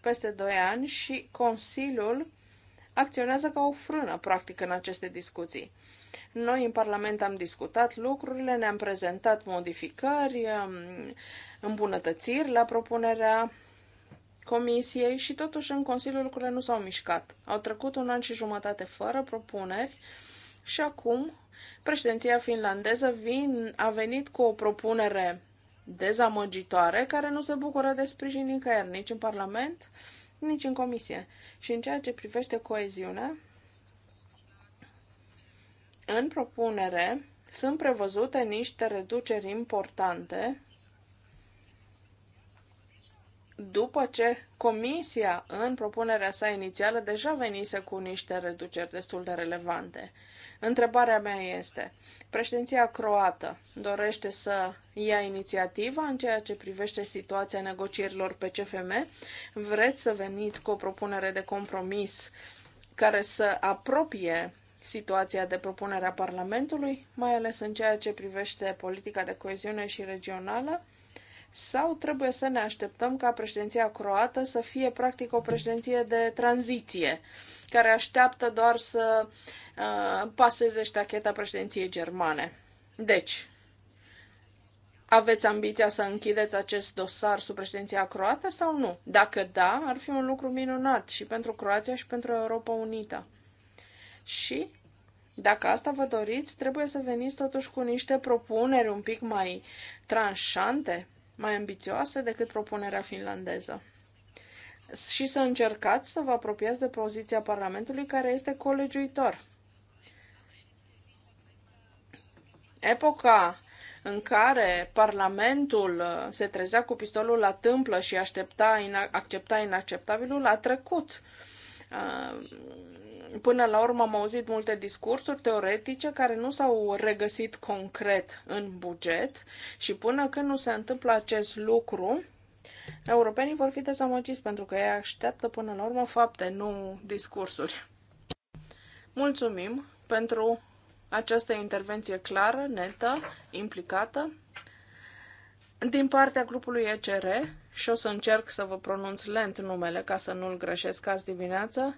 peste 2 ani și Consiliul acționează ca o frână, practic, în aceste discuții. Noi în Parlament am discutat lucrurile, ne-am prezentat modificări, îmbunătățiri la propunerea Comisiei și totuși în Consiliul lucrurile nu s-au mișcat. Au trecut un an și jumătate fără propuneri și acum președinția finlandeză vin, a venit cu o propunere dezamăgitoare care nu se bucură de sprijin nicăieri, nici în Parlament, nici în Comisie. Și în ceea ce privește coeziunea, în propunere sunt prevăzute niște reduceri importante după ce Comisia, în propunerea sa inițială, deja venise cu niște reduceri destul de relevante. Întrebarea mea este, președinția croată dorește să ia inițiativa în ceea ce privește situația negocierilor pe CFM? Vreți să veniți cu o propunere de compromis care să apropie situația de propunere a Parlamentului, mai ales în ceea ce privește politica de coeziune și regională? sau trebuie să ne așteptăm ca președinția croată să fie practic o președinție de tranziție, care așteaptă doar să uh, paseze ștacheta președinției germane. Deci, aveți ambiția să închideți acest dosar sub președinția croată sau nu? Dacă da, ar fi un lucru minunat și pentru Croația și pentru Europa Unită. Și dacă asta vă doriți, trebuie să veniți totuși cu niște propuneri un pic mai tranșante mai ambițioase decât propunerea finlandeză. Și să încercați să vă apropiați de poziția Parlamentului care este colegiuitor. Epoca în care Parlamentul uh, se trezea cu pistolul la tâmplă și aștepta, accepta inacceptabilul a trecut uh, Până la urmă am auzit multe discursuri teoretice care nu s-au regăsit concret în buget și până când nu se întâmplă acest lucru, europenii vor fi dezamăgiți pentru că ei așteaptă până la urmă fapte, nu discursuri. Mulțumim pentru această intervenție clară, netă, implicată din partea grupului ECR și o să încerc să vă pronunț lent numele ca să nu-l greșesc azi dimineață.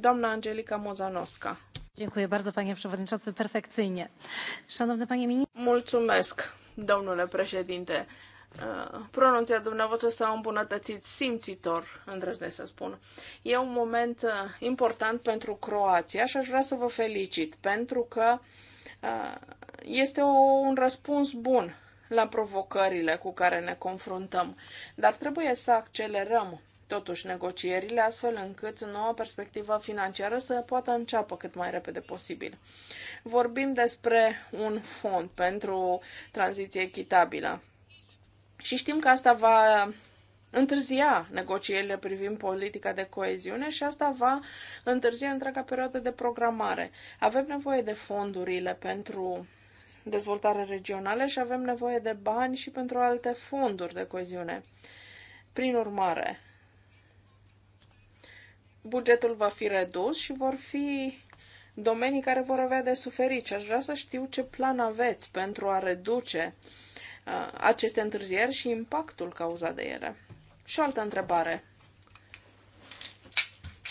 Doamna Angelica Mozanowska. Dziękuję bardzo, panie przewodniczący, perfekcyjnie. Szanowny panie ministrze. Mulțumesc, domnule președinte. Uh, pronunția dumneavoastră s-a îmbunătățit simțitor, îndrăznesc să spun. E un moment uh, important pentru Croația și aș vrea să vă felicit, pentru că uh, este un răspuns bun la provocările cu care ne confruntăm, dar trebuie să accelerăm totuși negocierile, astfel încât noua perspectivă financiară să poată înceapă cât mai repede posibil. Vorbim despre un fond pentru tranziție echitabilă. Și știm că asta va întârzia negocierile privind politica de coeziune și asta va întârzia întreaga perioadă de programare. Avem nevoie de fondurile pentru dezvoltare regională și avem nevoie de bani și pentru alte fonduri de coeziune. Prin urmare, bugetul va fi redus și vor fi domenii care vor avea de suferit și aș vrea să știu ce plan aveți pentru a reduce uh, aceste întârzieri și impactul cauzat de ele. Și o altă întrebare.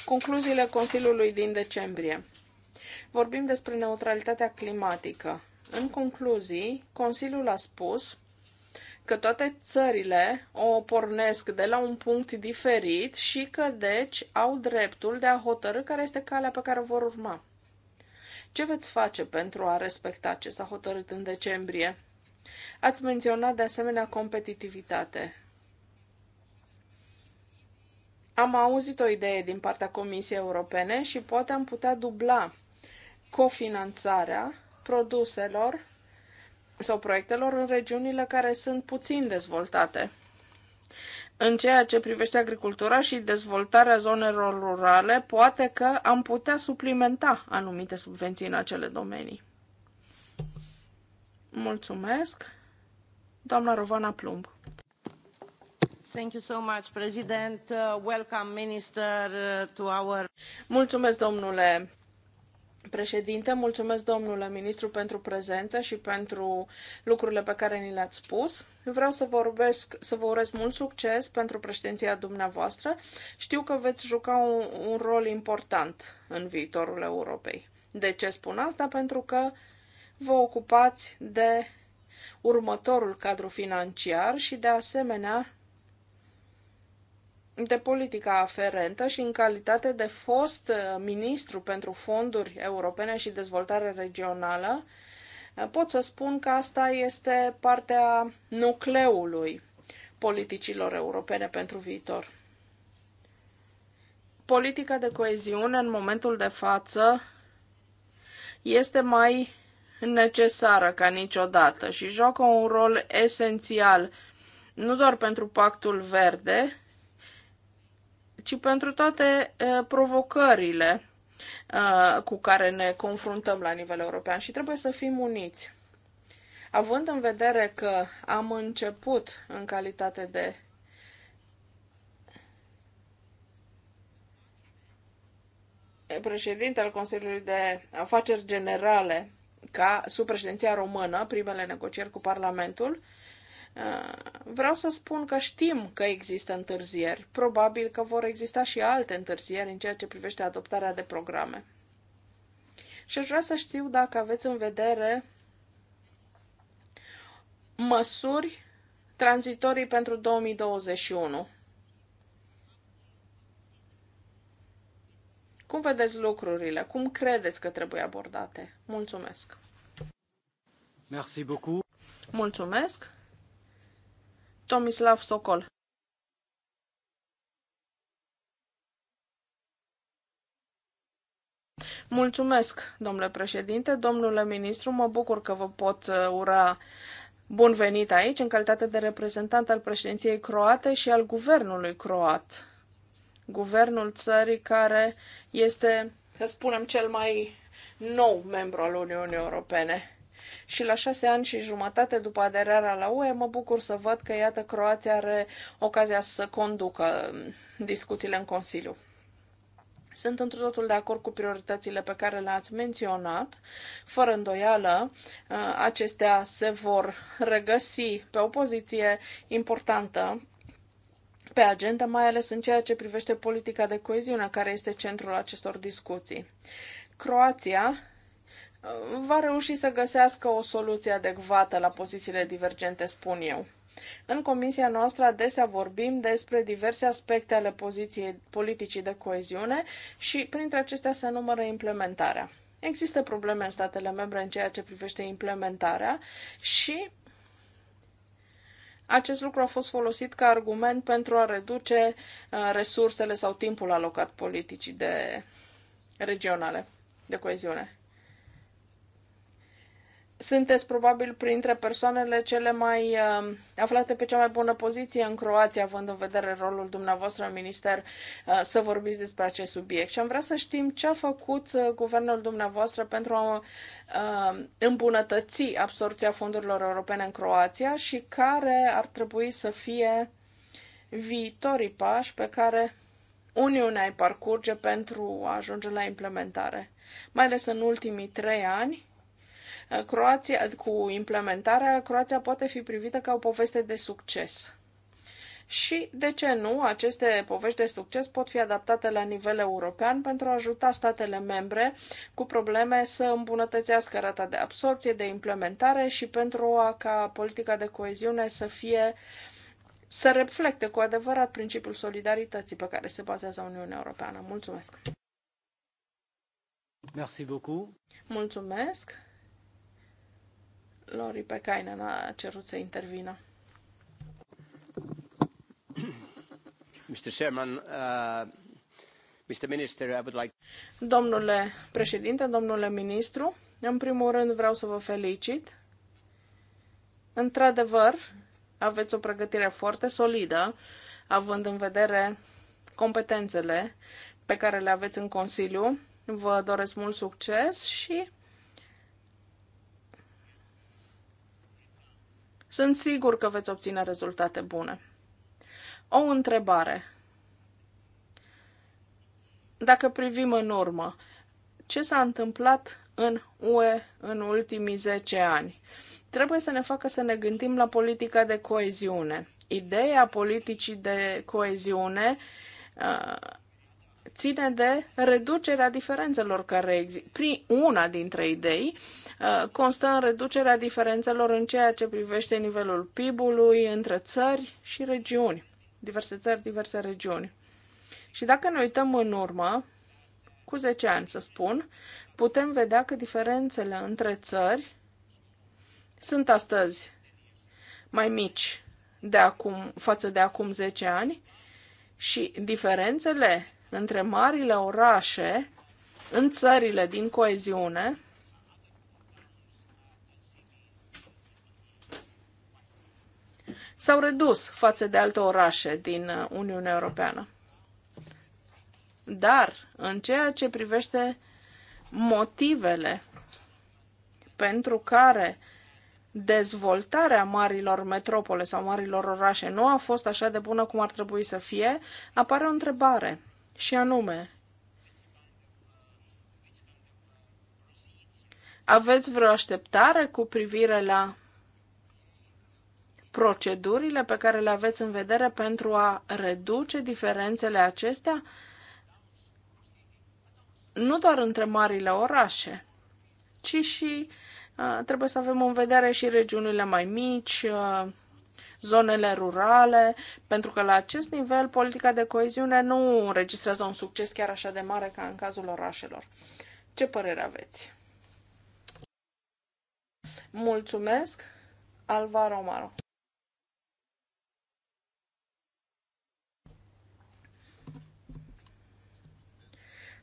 Concluziile Consiliului din decembrie. Vorbim despre neutralitatea climatică. În concluzii, Consiliul a spus că toate țările o pornesc de la un punct diferit și că, deci, au dreptul de a hotărâ care este calea pe care o vor urma. Ce veți face pentru a respecta ce s-a hotărât în decembrie? Ați menționat de asemenea competitivitate. Am auzit o idee din partea Comisiei Europene și poate am putea dubla cofinanțarea produselor sau proiectelor în regiunile care sunt puțin dezvoltate. În ceea ce privește agricultura și dezvoltarea zonelor rurale, poate că am putea suplimenta anumite subvenții în acele domenii. Mulțumesc. Doamna Rovana Plumb. Thank you so much, President. Uh, welcome, Minister, uh, to our... Mulțumesc, domnule Președinte, mulțumesc domnule ministru pentru prezență și pentru lucrurile pe care ni le-ați spus. Vreau să, vorbesc, să vă urez mult succes pentru președinția dumneavoastră. Știu că veți juca un, un rol important în viitorul Europei. De ce spun asta? Pentru că vă ocupați de următorul cadru financiar și, de asemenea, de politica aferentă și în calitate de fost uh, ministru pentru fonduri europene și dezvoltare regională, uh, pot să spun că asta este partea nucleului politicilor europene pentru viitor. Politica de coeziune în momentul de față este mai necesară ca niciodată și joacă un rol esențial nu doar pentru pactul verde, ci pentru toate provocările cu care ne confruntăm la nivel european și trebuie să fim uniți. Având în vedere că am început în calitate de președinte al Consiliului de Afaceri Generale ca sub președinția română, primele negocieri cu Parlamentul, Eh, vreau să spun că știm că există întârzieri. Probabil că vor exista și alte întârzieri în ceea ce privește adoptarea de programe. Și aș vrea să știu dacă aveți în vedere măsuri tranzitorii pentru 2021. Cum vedeți lucrurile? Cum credeți că trebuie abordate? Mulțumesc! Merci beaucoup. Mulțumesc! Tomislav Sokol. Mulțumesc, domnule președinte, domnule ministru, mă bucur că vă pot uh, ura bun venit aici în calitate de reprezentant al președinției croate și al guvernului croat. Guvernul țării care este, să spunem, cel mai nou membru al Uniunii Europene și la șase ani și jumătate după aderarea la UE mă bucur să văd că, iată, Croația are ocazia să conducă mm, discuțiile în Consiliu. Sunt într totul de acord cu prioritățile pe care le-ați menționat. Fără îndoială, mm, acestea se vor regăsi pe o poziție importantă pe agenda, mai ales în ceea ce privește politica de coeziune, care este centrul acestor discuții. Croația va reuși să găsească o soluție adecvată la pozițiile divergente, spun eu. În comisia noastră adesea vorbim despre diverse aspecte ale poziției politicii de coeziune și printre acestea se numără implementarea. Există probleme în statele membre în ceea ce privește implementarea și acest lucru a fost folosit ca argument pentru a reduce uh, resursele sau timpul alocat politicii de regionale de coeziune sunteți probabil printre persoanele cele mai uh, aflate pe cea mai bună poziție în Croația, având în vedere rolul dumneavoastră în minister, uh, să vorbiți despre acest subiect. Și am vrea să știm ce a făcut uh, guvernul dumneavoastră pentru a uh, îmbunătăți absorpția fondurilor europene în Croația și care ar trebui să fie viitorii pași pe care Uniunea îi parcurge pentru a ajunge la implementare, mai ales în ultimii trei ani Eh, Croația, cu implementarea, Croația poate fi privită ca o poveste de succes. Și, de ce nu, aceste povești de succes pot fi adaptate la nivel european pentru a ajuta statele membre cu probleme să îmbunătățească rata de absorție, de implementare și pentru a ca politica de coeziune să fie să reflecte cu adevărat principiul solidarității pe care se bazează Uniunea Europeană. Mulțumesc! Merci beaucoup. Mulțumesc! Lori Pecainen a cerut să intervină. Mr. Chairman, uh, Mr. Minister, I would like... Domnule președinte, domnule ministru, în primul rând vreau să vă felicit. Într-adevăr, aveți o pregătire foarte solidă, având în vedere competențele pe care le aveți în Consiliu. Vă doresc mult succes și Sunt sigur că veți obține rezultate bune. O întrebare. Dacă privim în urmă, ce s-a întâmplat în UE în ultimii 10 ani? Trebuie să ne facă să ne gândim la politica de coeziune. Ideea politicii de coeziune uh, ține de reducerea diferențelor care există. Prin una dintre idei uh, constă în reducerea diferențelor în ceea ce privește nivelul PIB-ului între țări și regiuni. Diverse țări, diverse regiuni. Și dacă ne uităm în urmă, cu 10 ani să spun, putem vedea că diferențele între țări sunt astăzi mai mici de acum, față de acum 10 ani și diferențele între marile orașe în țările din coeziune s-au redus față de alte orașe din uh, Uniunea Europeană. Dar, în ceea ce privește motivele pentru care dezvoltarea marilor metropole sau marilor orașe nu a fost așa de bună cum ar trebui să fie, apare o întrebare și anume, aveți vreo așteptare cu privire la procedurile pe care le aveți în vedere pentru a reduce diferențele acestea, nu doar între marile orașe, ci și uh, trebuie să avem în vedere și regiunile mai mici, uh, zonele rurale, pentru că la acest nivel politica de coeziune nu înregistrează un succes chiar așa de mare ca în cazul orașelor. Ce părere aveți? Mulțumesc, Alvaro Maro.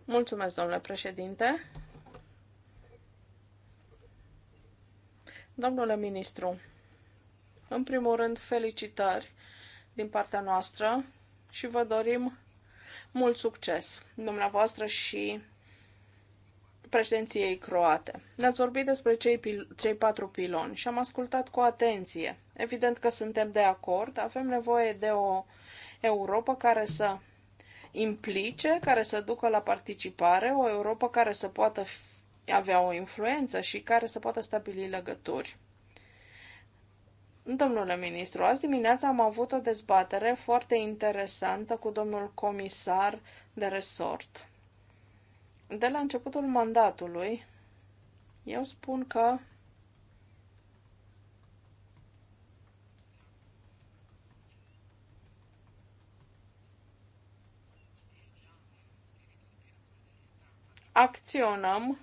Mulțumesc, domnule președinte. Domnule ministru, în primul rând, felicitări din partea noastră și vă dorim mult succes dumneavoastră și președinției croate. Ne-ați vorbit despre cei, pil- cei patru piloni și am ascultat cu atenție. Evident că suntem de acord, avem nevoie de o Europa care să implice, care să ducă la participare, o Europa care să poată avea o influență și care să poată stabili legături. Domnule ministru, azi dimineața am avut o dezbatere foarte interesantă cu domnul comisar de resort. De la începutul mandatului, eu spun că acționăm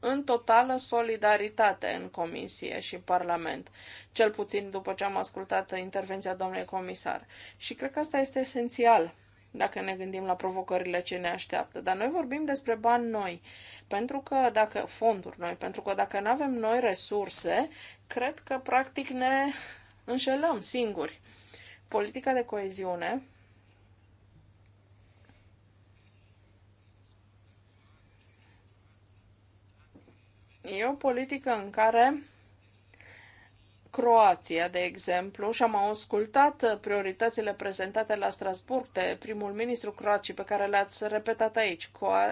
în totală solidaritate în Comisie și în Parlament, cel puțin după ce am ascultat intervenția domnului comisar. Și cred că asta este esențial dacă ne gândim la provocările ce ne așteaptă. Dar noi vorbim despre bani noi, pentru că dacă fonduri noi, pentru că dacă nu avem noi resurse, cred că practic ne înșelăm singuri. Politica de coeziune E o politică în care Croația, de exemplu, și am ascultat prioritățile prezentate la Strasburg de primul ministru croații pe care le-ați repetat aici.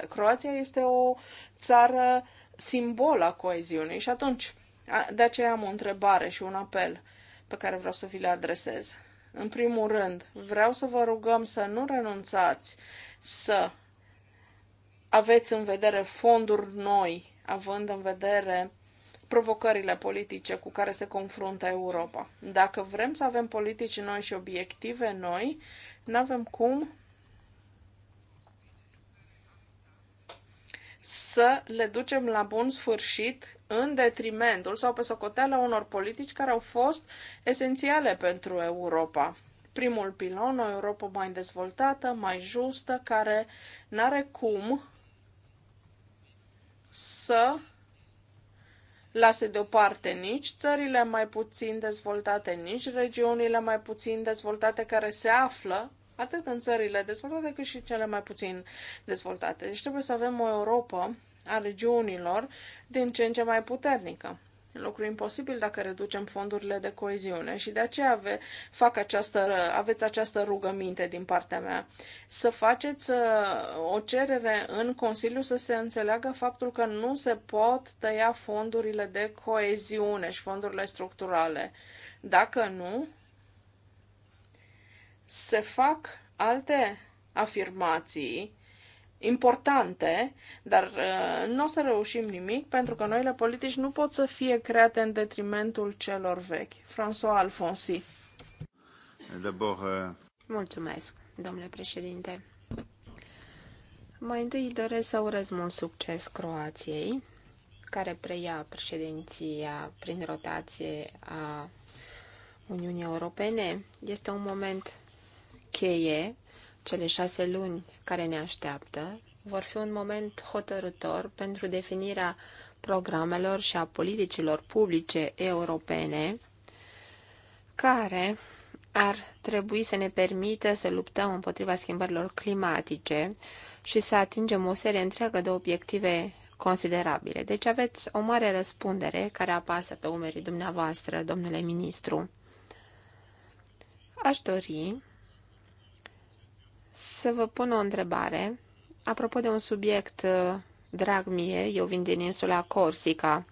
Croația este o țară simbol a coeziunii și atunci de aceea am o întrebare și un apel pe care vreau să vi le adresez. În primul rând, vreau să vă rugăm să nu renunțați să aveți în vedere fonduri noi având în vedere provocările politice cu care se confruntă Europa. Dacă vrem să avem politici noi și obiective noi, nu avem cum să le ducem la bun sfârșit în detrimentul sau pe socoteala unor politici care au fost esențiale pentru Europa. Primul pilon, o Europa mai dezvoltată, mai justă, care n-are cum să lase deoparte nici țările mai puțin dezvoltate, nici regiunile mai puțin dezvoltate care se află atât în țările dezvoltate cât și cele mai puțin dezvoltate. Deci trebuie să avem o Europa a regiunilor din ce în ce mai puternică lucru imposibil dacă reducem fondurile de coeziune și de aceea ave, fac această, aveți această rugăminte din partea mea să faceți uh, o cerere în Consiliu să se înțeleagă faptul că nu se pot tăia fondurile de coeziune și fondurile structurale. Dacă nu, se fac alte afirmații importante, dar uh, nu o să reușim nimic pentru că noile politici nu pot să fie create în detrimentul celor vechi. François Alfonsi. Uh, Mulțumesc, domnule președinte. Mai întâi doresc să urez mult succes Croației, care preia președinția prin rotație a Uniunii Europene. Este un moment cheie cele șase luni care ne așteaptă vor fi un moment hotărător pentru definirea programelor și a politicilor publice europene care ar trebui să ne permită să luptăm împotriva schimbărilor climatice și să atingem o serie întreagă de obiective considerabile. Deci aveți o mare răspundere care apasă pe umerii dumneavoastră, domnule ministru. Aș dori să vă pun o întrebare apropo de un subiect uh, drag mie, eu vin din insula Corsica.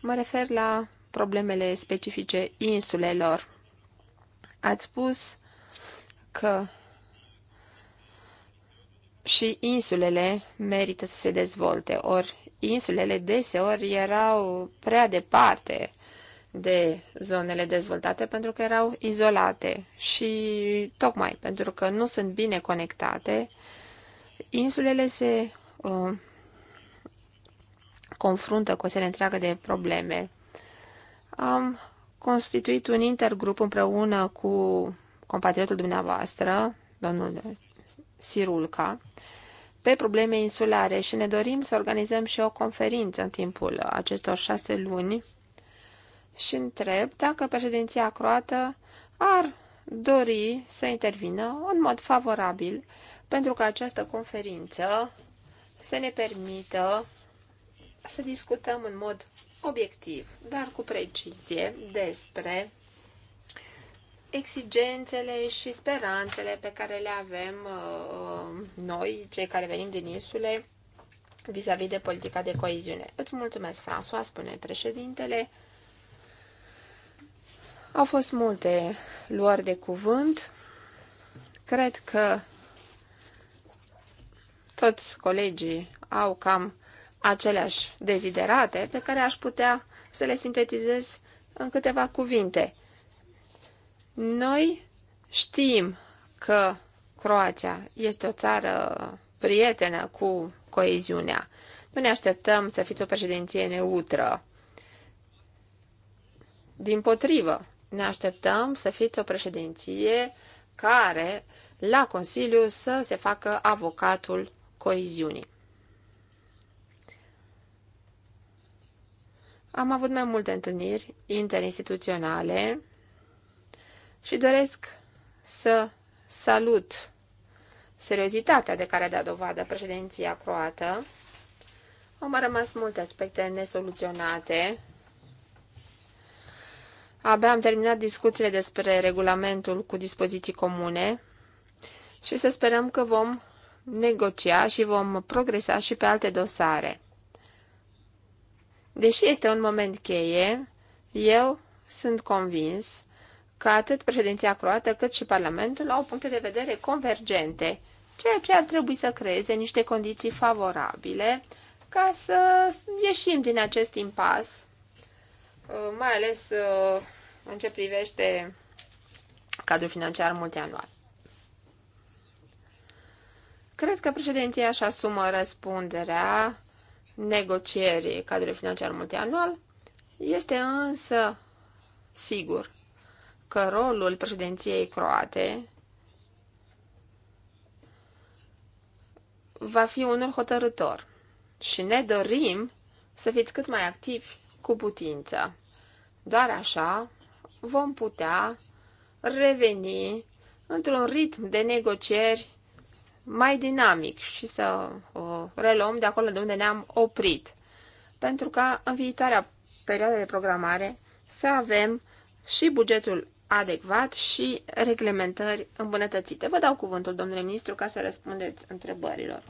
Mă refer la problemele specifice insulelor. Ați spus că și insulele merită să se dezvolte, ori insulele deseori erau prea departe de zonele dezvoltate pentru că erau izolate și tocmai pentru că nu sunt bine conectate, insulele se uh, confruntă cu o serie întreagă de probleme. Am constituit un intergrup împreună cu compatriotul dumneavoastră, domnul Sirulca, pe probleme insulare și ne dorim să organizăm și o conferință în timpul acestor șase luni și întreb dacă președinția croată ar dori să intervină în mod favorabil pentru că această conferință să ne permită să discutăm în mod obiectiv, dar cu precizie, despre exigențele și speranțele pe care le avem uh, noi, cei care venim din insule, vis-a-vis -vis de politica de coeziune. Îți mulțumesc, François, spune președintele. Au fost multe luări de cuvânt. Cred că toți colegii au cam aceleași deziderate pe care aș putea să le sintetizez în câteva cuvinte. Noi știm că Croația este o țară prietenă cu coeziunea. Nu ne așteptăm să fiți o președinție neutră. Din potrivă, ne așteptăm să fiți o președinție care, la Consiliu, să se facă avocatul coeziunii. Am avut mai multe întâlniri interinstituționale și doresc să salut seriozitatea de care a dat dovadă președinția croată. Au mai rămas multe aspecte nesoluționate Abia am terminat discuțiile despre regulamentul cu dispoziții comune și să sperăm că vom negocia și vom progresa și pe alte dosare. Deși este un moment cheie, eu sunt convins că atât președinția croată cât și Parlamentul au puncte de vedere convergente, ceea ce ar trebui să creeze niște condiții favorabile ca să ieșim din acest impas Uh, mai ales uh, în ce privește cadrul financiar multianual. Cred că președinția își asumă răspunderea negocierii cadrului financiar multianual. Este însă sigur că rolul președinției croate va fi unul hotărător și ne dorim să fiți cât mai activi cu putință. Doar așa vom putea reveni într-un ritm de negocieri mai dinamic și să o reluăm de acolo de unde ne-am oprit. Pentru că în viitoarea perioadă de programare să avem și bugetul adecvat și reglementări îmbunătățite. Vă dau cuvântul, domnule ministru, ca să răspundeți întrebărilor.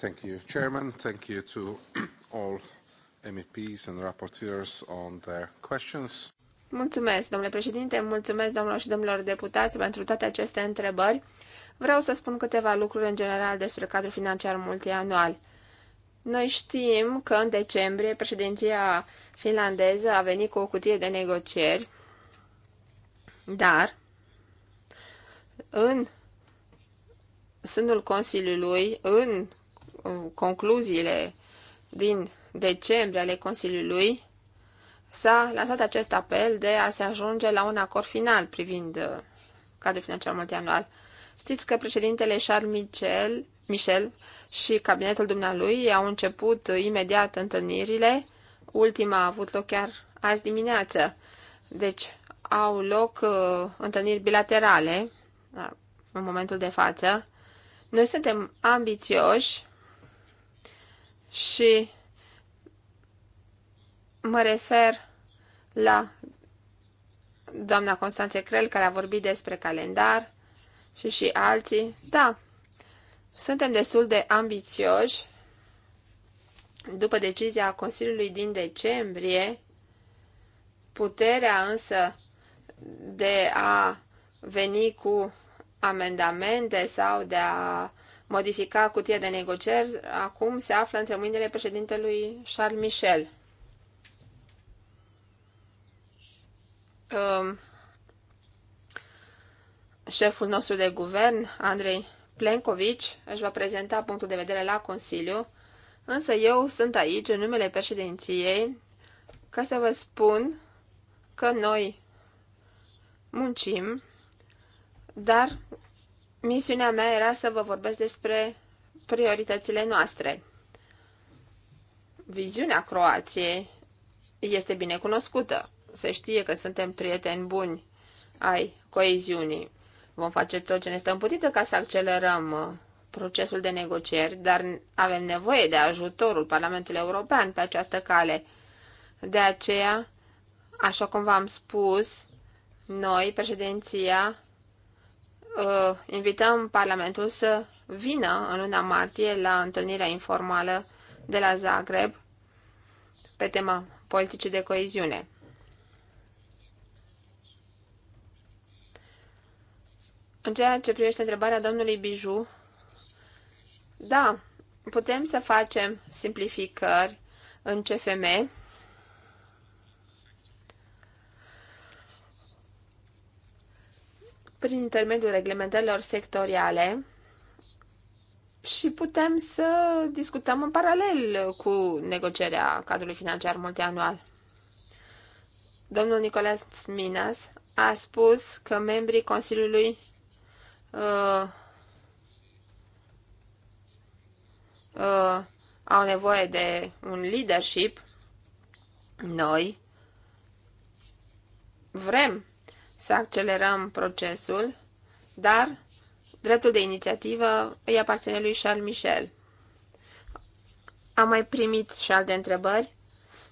Thank you, Chairman. Thank you to (clears throat) all MEPs and rapporteurs on their questions. Mulțumesc, domnule președinte, mulțumesc, domnilor și domnilor deputați, pentru toate aceste întrebări. Vreau să spun câteva lucruri în general despre cadrul financiar multianual. Noi știm că în decembrie președinția finlandeză a venit cu o cutie de negocieri, dar în sânul Consiliului, în Uh, concluziile din decembrie ale Consiliului, s-a lansat acest apel de a se ajunge la un acord final privind uh, cadrul financiar multianual. Știți că președintele Charles Michel, Michel și cabinetul dumnealui au început uh, imediat întâlnirile. Ultima a avut loc chiar azi dimineață. Deci au loc uh, întâlniri bilaterale în momentul de față. Noi suntem ambițioși și mă refer la doamna Constanțe Crel, care a vorbit despre calendar și și alții. Da, suntem destul de ambițioși. După decizia Consiliului din decembrie, puterea însă de a veni cu amendamente sau de a modifica cutia de negocieri acum se află între mâinile președintelui Charles Michel. Um, șeful nostru de guvern, Andrei Plenkovic își va prezenta punctul de vedere la Consiliu, însă eu sunt aici în numele președinției ca să vă spun că noi muncim, dar Misiunea mea era să vă vorbesc despre prioritățile noastre. Viziunea Croației este bine cunoscută. Se știe că suntem prieteni buni ai coeziunii. Vom face tot ce ne stă în putință ca să accelerăm uh, procesul de negocieri, dar avem nevoie de ajutorul Parlamentului European pe această cale. De aceea, așa cum v-am spus, noi, președinția, uh, invităm Parlamentul să vină în luna martie la întâlnirea informală de la Zagreb pe tema politicii de coeziune. În ceea ce privește întrebarea domnului Biju, da, putem să facem simplificări în CFM, prin intermediul reglementărilor sectoriale și putem să discutăm în paralel cu negocierea cadrului financiar multianual. Domnul Nicolae Minas a spus că membrii Consiliului uh, uh, au nevoie de un leadership. Noi vrem să accelerăm procesul, dar dreptul de inițiativă îi aparține lui Charles Michel. Am mai primit și alte întrebări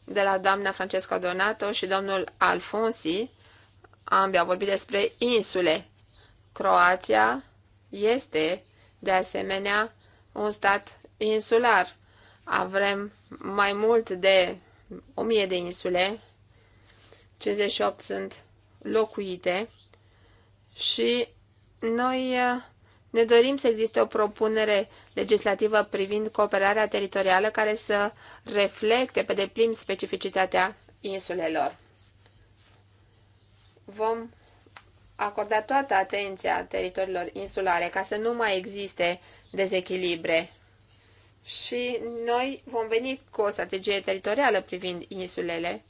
de la doamna Francesca Donato și domnul Alfonsi. Ambii au vorbit despre insule. Croația este, de asemenea, un stat insular. Avem mai mult de 1000 de insule, 58 sunt locuite și noi uh, ne dorim să existe o propunere legislativă privind cooperarea teritorială care să reflecte pe deplin specificitatea insulelor. Vom acorda toată atenția teritoriilor insulare ca să nu mai existe dezechilibre și noi vom veni cu o strategie teritorială privind insulele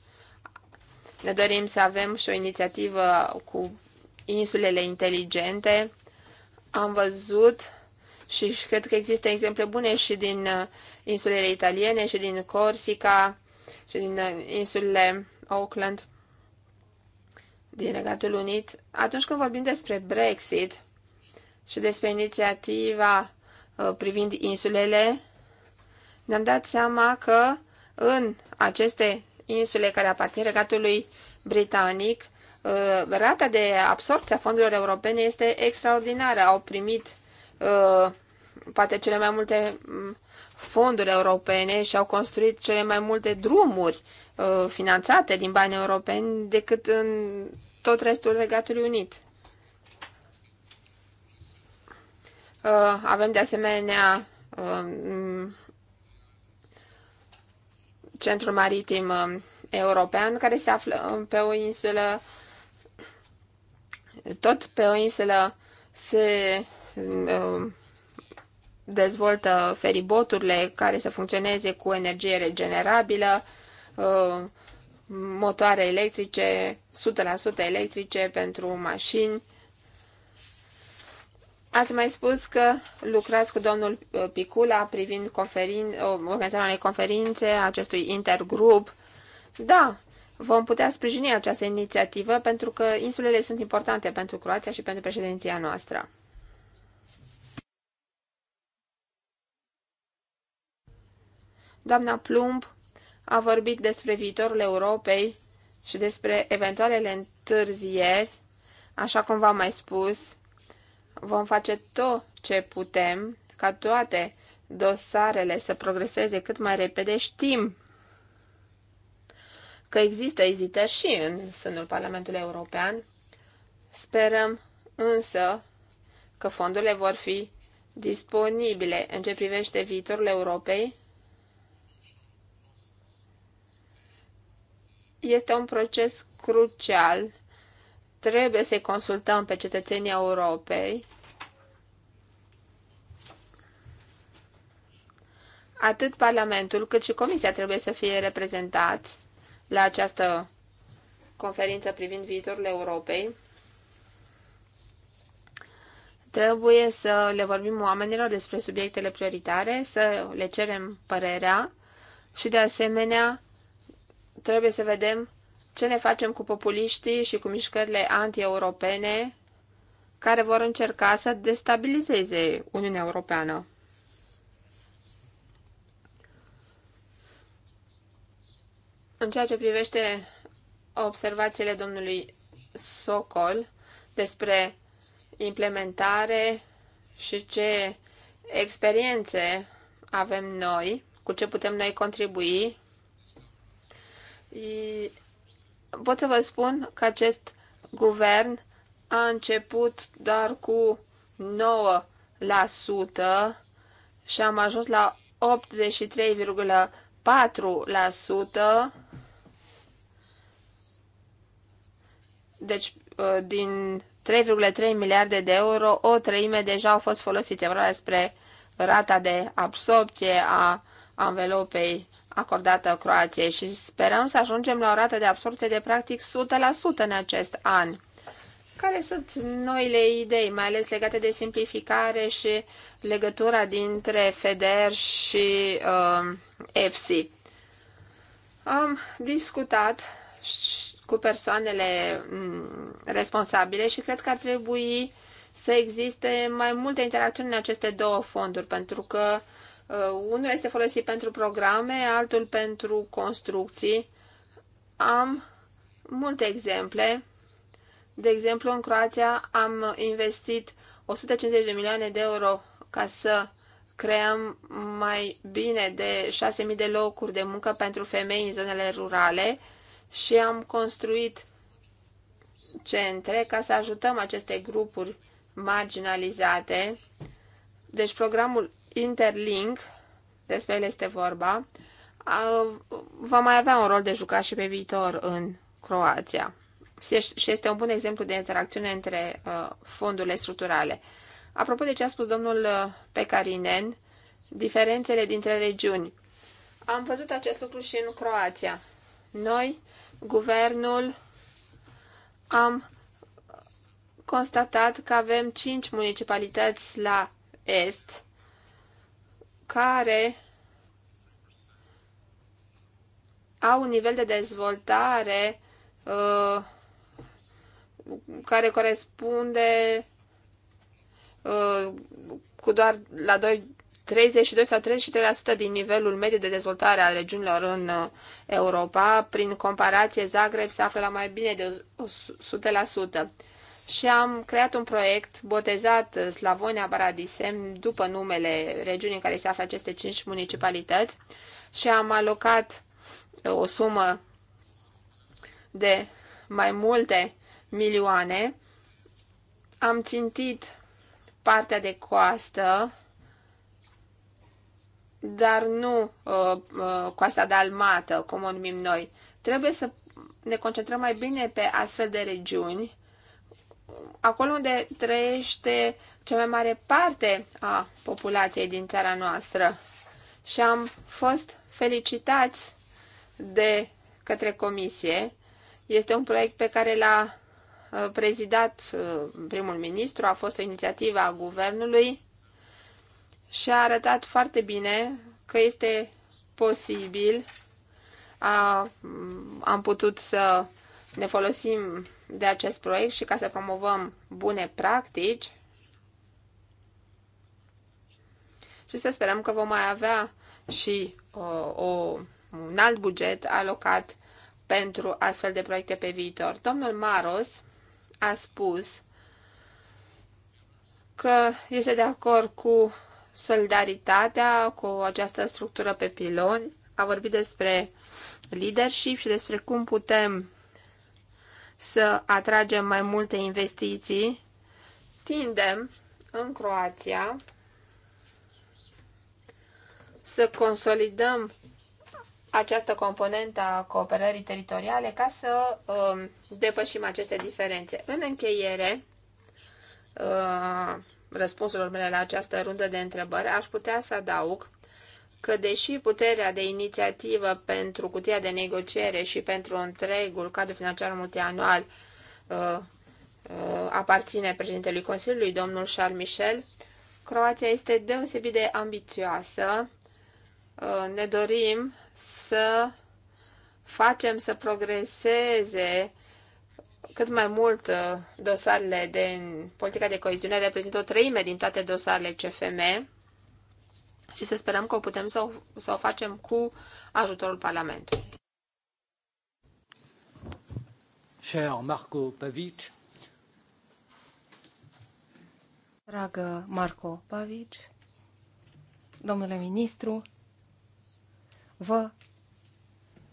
ne dorim să avem și o inițiativă cu insulele inteligente. Am văzut și cred că există exemple bune și din uh, insulele italiene, și din Corsica, și din uh, insulele Auckland, din Regatul Unit. Atunci când vorbim despre Brexit și despre inițiativa uh, privind insulele, ne-am dat seama că în aceste insule care aparțin regatului britanic, uh, rata de absorpție a fondurilor europene este extraordinară. Au primit uh, poate cele mai multe mm, fonduri europene și au construit cele mai multe drumuri uh, finanțate din bani europeni decât în tot restul Regatului Unit. Avem de asemenea centrul maritim um, european, care se află um, pe o insulă, tot pe o insulă se um, dezvoltă feriboturile care să funcționeze cu energie regenerabilă, motoare electrice, 100% electrice pentru mașini Ați mai spus că lucrați cu domnul uh, Picula privind conferin, organizarea unei conferințe acestui intergrup. Da, vom putea sprijini această inițiativă pentru că insulele sunt importante pentru Croația și pentru președinția noastră. Doamna Plumb a vorbit despre viitorul Europei și despre eventualele întârzieri, așa cum v-am mai spus, Vom face tot ce putem ca toate dosarele să progreseze cât mai repede. Știm că există ezitări și în sânul Parlamentului European. Sperăm însă că fondurile vor fi disponibile în ce privește viitorul Europei. Este un proces crucial Trebuie să-i consultăm pe cetățenii Europei atât Parlamentul cât și Comisia trebuie să fie reprezentați la această conferință privind viitorul Europei. Trebuie să le vorbim oamenilor despre subiectele prioritare, să le cerem părerea și de asemenea trebuie să vedem ce ne facem cu populiștii și cu mișcările anti-europene care vor încerca să destabilizeze Uniunea Europeană? În ceea ce privește observațiile domnului Socol despre implementare și ce experiențe avem noi, cu ce putem noi contribui, pot să vă spun că acest guvern a început doar cu 9% și am ajuns la 83,4%. Deci, uh, din 3,3 miliarde de euro, o treime deja au fost folosite. Vreau despre rata de absorpție a anvelopei acordată Croației și sperăm să ajungem la o rată de absorție de practic 100% în acest an. Care sunt noile idei, mai ales legate de simplificare și legătura dintre FEDER și uh, um, EFSI? Am discutat cu persoanele mm, responsabile și cred că ar trebui să existe mai multe interacțiuni în aceste două fonduri, pentru că uh, Uh, unul este folosit pentru programe, altul pentru construcții. Am multe exemple. De exemplu, în Croația am investit 150 de milioane de euro ca să creăm mai bine de 6.000 de locuri de muncă pentru femei în zonele rurale și am construit centre ca să ajutăm aceste grupuri marginalizate. Deci programul Interlink, despre el este vorba, va mai avea un rol de jucat și pe viitor în Croația. Și este un bun exemplu de interacțiune între uh, fondurile structurale. Apropo de ce a spus domnul uh, Pecarinen, diferențele dintre regiuni. Am văzut acest lucru și în Croația. Noi, guvernul, am constatat că avem 5 municipalități la est, care au un nivel de dezvoltare uh, care corespunde uh, cu doar la 2, 32 sau 33% din nivelul mediu de dezvoltare al regiunilor în uh, Europa. Prin comparație, Zagreb se află la mai bine de 100% și am creat un proiect botezat Slavonia Baradisem după numele regiunii în care se află aceste cinci municipalități și am alocat uh, o sumă de mai multe milioane. Am țintit partea de coastă, dar nu uh, uh, coasta dalmată, cum o numim noi. Trebuie să ne concentrăm mai bine pe astfel de regiuni acolo unde trăiește cea mai mare parte a populației din țara noastră. Și am fost felicitați de către comisie. Este un proiect pe care l-a uh, prezidat uh, primul ministru, a fost o inițiativă a guvernului și a arătat foarte bine că este posibil. A, mm, am putut să ne folosim de acest proiect și ca să promovăm bune practici și să sperăm că vom mai avea și uh, o, un alt buget alocat pentru astfel de proiecte pe viitor. Domnul Maros a spus că este de acord cu solidaritatea, cu această structură pe piloni, a vorbit despre leadership și despre cum putem să atragem mai multe investiții, tindem în Croația să consolidăm această componentă a cooperării teritoriale ca să uh, depășim aceste diferențe. În încheiere, uh, răspunsurilor mele la această rundă de întrebări, aș putea să adaug că deși puterea de inițiativă pentru cutia de negociere și pentru întregul cadru financiar multianual uh, uh, aparține președintelui Consiliului, domnul Charles Michel, Croația este deosebit de ambițioasă. Uh, ne dorim să facem să progreseze cât mai mult uh, dosarele de politica de coeziune reprezintă o treime din toate dosarele CFM și să sperăm că o putem să o, să o facem cu ajutorul Parlamentului. Cher Marco Pavic. Dragă Marco Pavic, domnule ministru, vă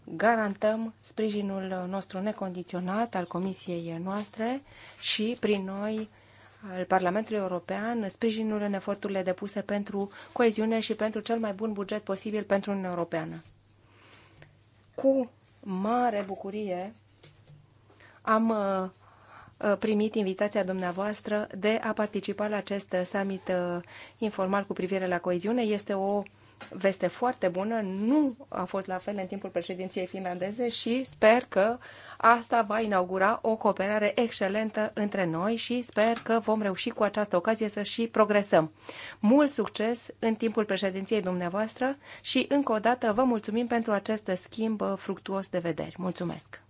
garantăm sprijinul nostru necondiționat al comisiei noastre și prin noi al Parlamentului European sprijinul în eforturile depuse pentru coeziune și pentru cel mai bun buget posibil pentru Uniunea Europeană. Cu mare bucurie am uh, uh, primit invitația dumneavoastră de a participa la acest summit uh, informal cu privire la coeziune. Este o veste foarte bună, nu a fost la fel în timpul președinției finlandeze și sper că asta va inaugura o cooperare excelentă între noi și sper că vom reuși cu această ocazie să și progresăm. Mult succes în timpul președinției dumneavoastră și încă o dată vă mulțumim pentru acest schimb fructuos de vederi. Mulțumesc!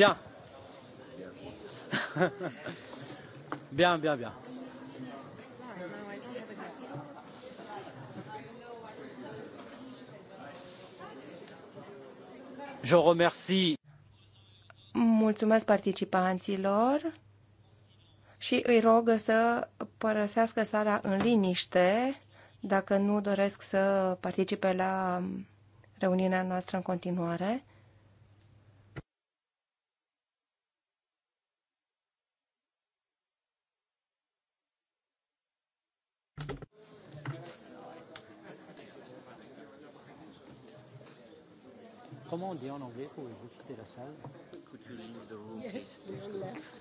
Bien. bien, bien, bien. Je remercie. Mulțumesc participanților și îi rog să părăsească sala în liniște dacă nu doresc să participe la reuniunea noastră în continuare. bien en anglais, la salle Could you leave the room? Yes, they all left.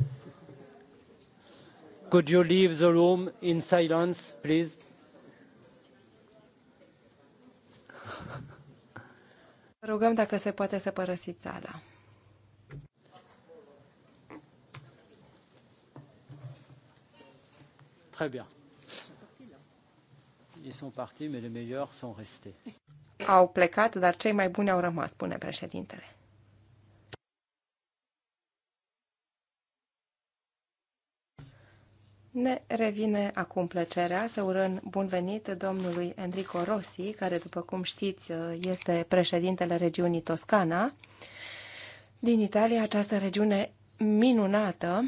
Could you leave the room in silence, please? Rugăm dacă se poate să părăsiți sala. Très bien. Ils sont partis, mais les meilleurs sont restés au plecat, dar cei mai buni au rămas, spune președintele. Ne revine acum plăcerea să urăm bun venit domnului Enrico Rossi, care, după cum știți, este președintele regiunii Toscana din Italia, această regiune minunată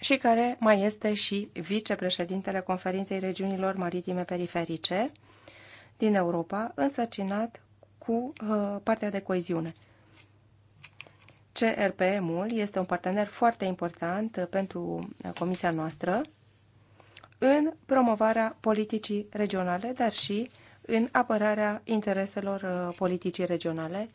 și care mai este și vicepreședintele Conferinței Regiunilor Maritime Periferice, din Europa însăcinat cu uh, partea de coeziune. CRPM-ul este un partener foarte important uh, pentru uh, comisia noastră în promovarea politicii regionale, dar și în apărarea intereselor politicii regionale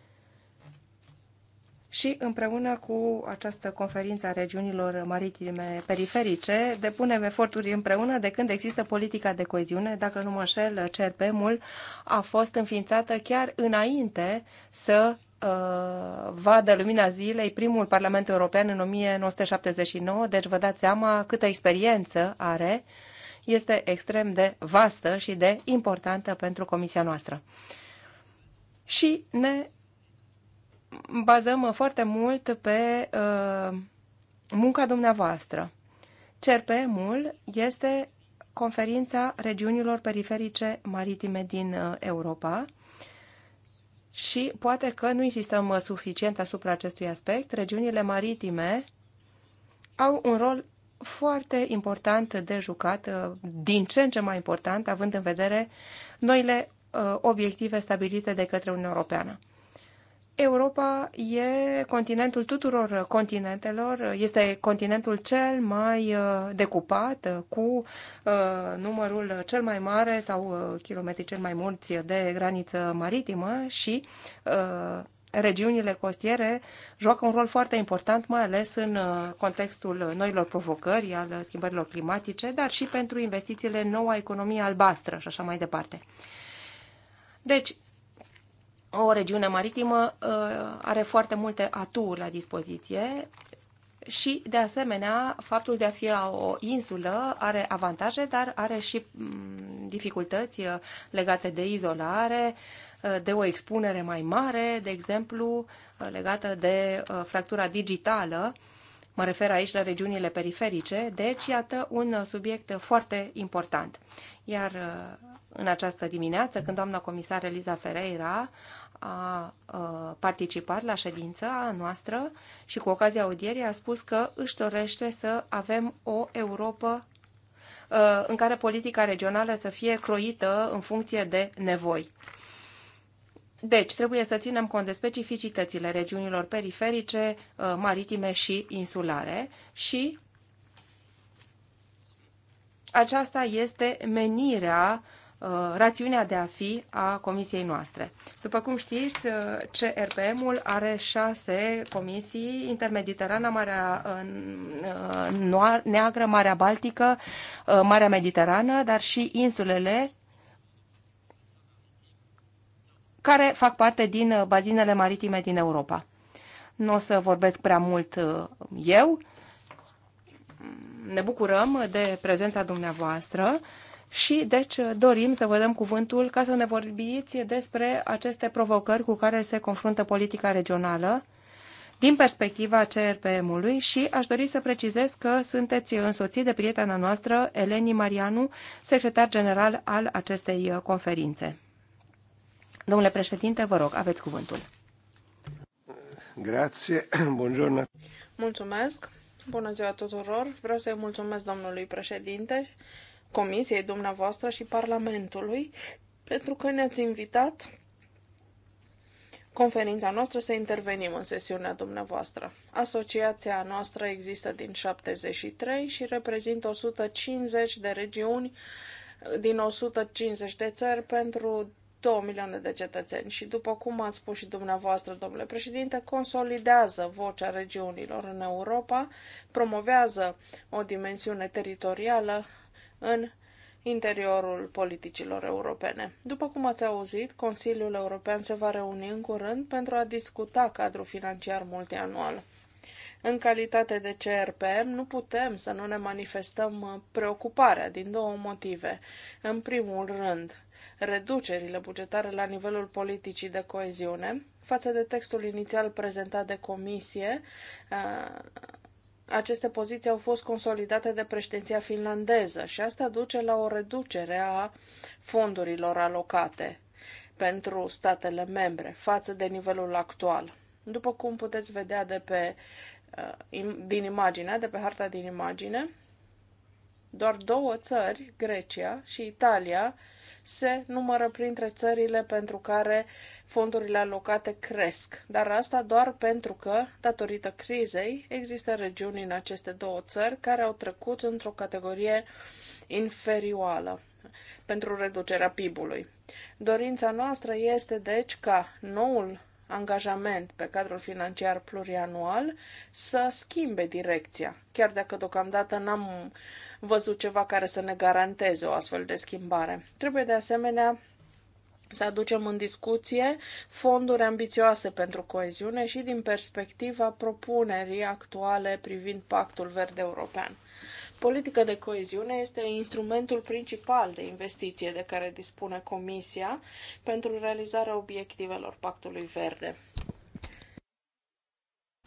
și împreună cu această conferință a regiunilor maritime periferice depunem eforturi împreună de când există politica de coeziune. Dacă nu mă înșel, CRPM-ul a fost înființată chiar înainte să uh, vadă lumina zilei primul Parlament European în 1979, deci vă dați seama câtă experiență are. Este extrem de vastă și de importantă pentru comisia noastră. Și ne bazăm foarte mult pe uh, munca dumneavoastră. crpm ul este conferința regiunilor periferice maritime din uh, Europa și poate că nu insistăm uh, suficient asupra acestui aspect. Regiunile maritime au un rol foarte important de jucat, uh, din ce în ce mai important, având în vedere noile obiective stabilite de către Uniunea Europeană. Europa e continentul tuturor continentelor, este continentul cel mai uh, decupat, cu uh, numărul cel mai mare sau uh, kilometri cel mai mulți de graniță maritimă și regiunile costiere joacă un rol foarte important, mai ales în contextul noilor provocări al schimbărilor climatice, dar și pentru investițiile în noua economie albastră și așa mai departe. Deci, o regiune maritimă uh, are foarte multe aturi la dispoziție și, de asemenea, faptul de a fi o insulă are avantaje, dar are și mm, dificultăți uh, legate de izolare, uh, de o expunere mai mare, de exemplu, legată de fractura digitală. Mă refer aici la regiunile periferice, deci iată un subiect foarte important. Iar în această dimineață, când doamna comisar Eliza Ferreira a participat la ședința noastră și cu ocazia audierii a spus că își dorește să avem o Europa în care politica regională să fie croită în funcție de nevoi. Deci, trebuie să ținem cont de specificitățile regiunilor periferice, maritime și insulare și aceasta este menirea uh, Uh, rațiunea de a fi a comisiei noastre. După cum știți, uh, CRPM-ul are șase comisii, Intermediterana, Marea uh, Neagră, Marea Baltică, Marea Mediterană, dar și insulele care fac parte din bazinele maritime din Europa. Nu o să vorbesc prea mult eu. Ne bucurăm de prezența dumneavoastră și deci dorim să vă dăm cuvântul ca să ne vorbiți despre aceste provocări cu care se confruntă politica regională din perspectiva CRPM-ului și aș dori să precizez că sunteți însoțit de prietena noastră, Eleni Marianu, secretar general al acestei uh, conferințe. Domnule președinte, vă rog, aveți cuvântul. Grație, (clears throat) buongiorno. Mulțumesc, bună ziua tuturor. Vreau să-i mulțumesc domnului președinte Comisiei dumneavoastră și Parlamentului pentru că ne-ați invitat conferința noastră să intervenim în sesiunea dumneavoastră. Asociația noastră există din 73 și reprezintă 150 de regiuni din 150 de țări pentru 2 milioane de cetățeni și, după cum ați spus și dumneavoastră, domnule președinte, consolidează vocea regiunilor în Europa, promovează o dimensiune teritorială în interiorul politicilor europene. După cum ați auzit, Consiliul European se va reuni în curând pentru a discuta cadrul financiar multianual. În calitate de CRPM, nu putem să nu ne manifestăm uh, preocuparea din două motive. În primul rând, reducerile bugetare la nivelul politicii de coeziune față de textul inițial prezentat de comisie uh, aceste poziții au fost consolidate de președinția finlandeză și asta duce la o reducere a fondurilor alocate pentru statele membre față de nivelul actual. După cum puteți vedea de pe, uh, din imagine, de pe harta din imagine, doar două țări, Grecia și Italia, se numără printre țările pentru care fondurile alocate cresc, dar asta doar pentru că, datorită crizei, există regiuni în aceste două țări care au trecut într-o categorie inferioară pentru reducerea PIB-ului. Dorința noastră este, deci, ca noul angajament pe cadrul financiar plurianual să schimbe direcția, chiar dacă deocamdată n-am uh, văzut ceva care să ne garanteze o astfel de schimbare. Trebuie de asemenea să aducem în discuție fonduri ambițioase pentru coeziune și din perspectiva propunerii actuale privind Pactul Verde European. Politica de coeziune este instrumentul principal de investiție de care dispune Comisia pentru realizarea obiectivelor Pactului Verde.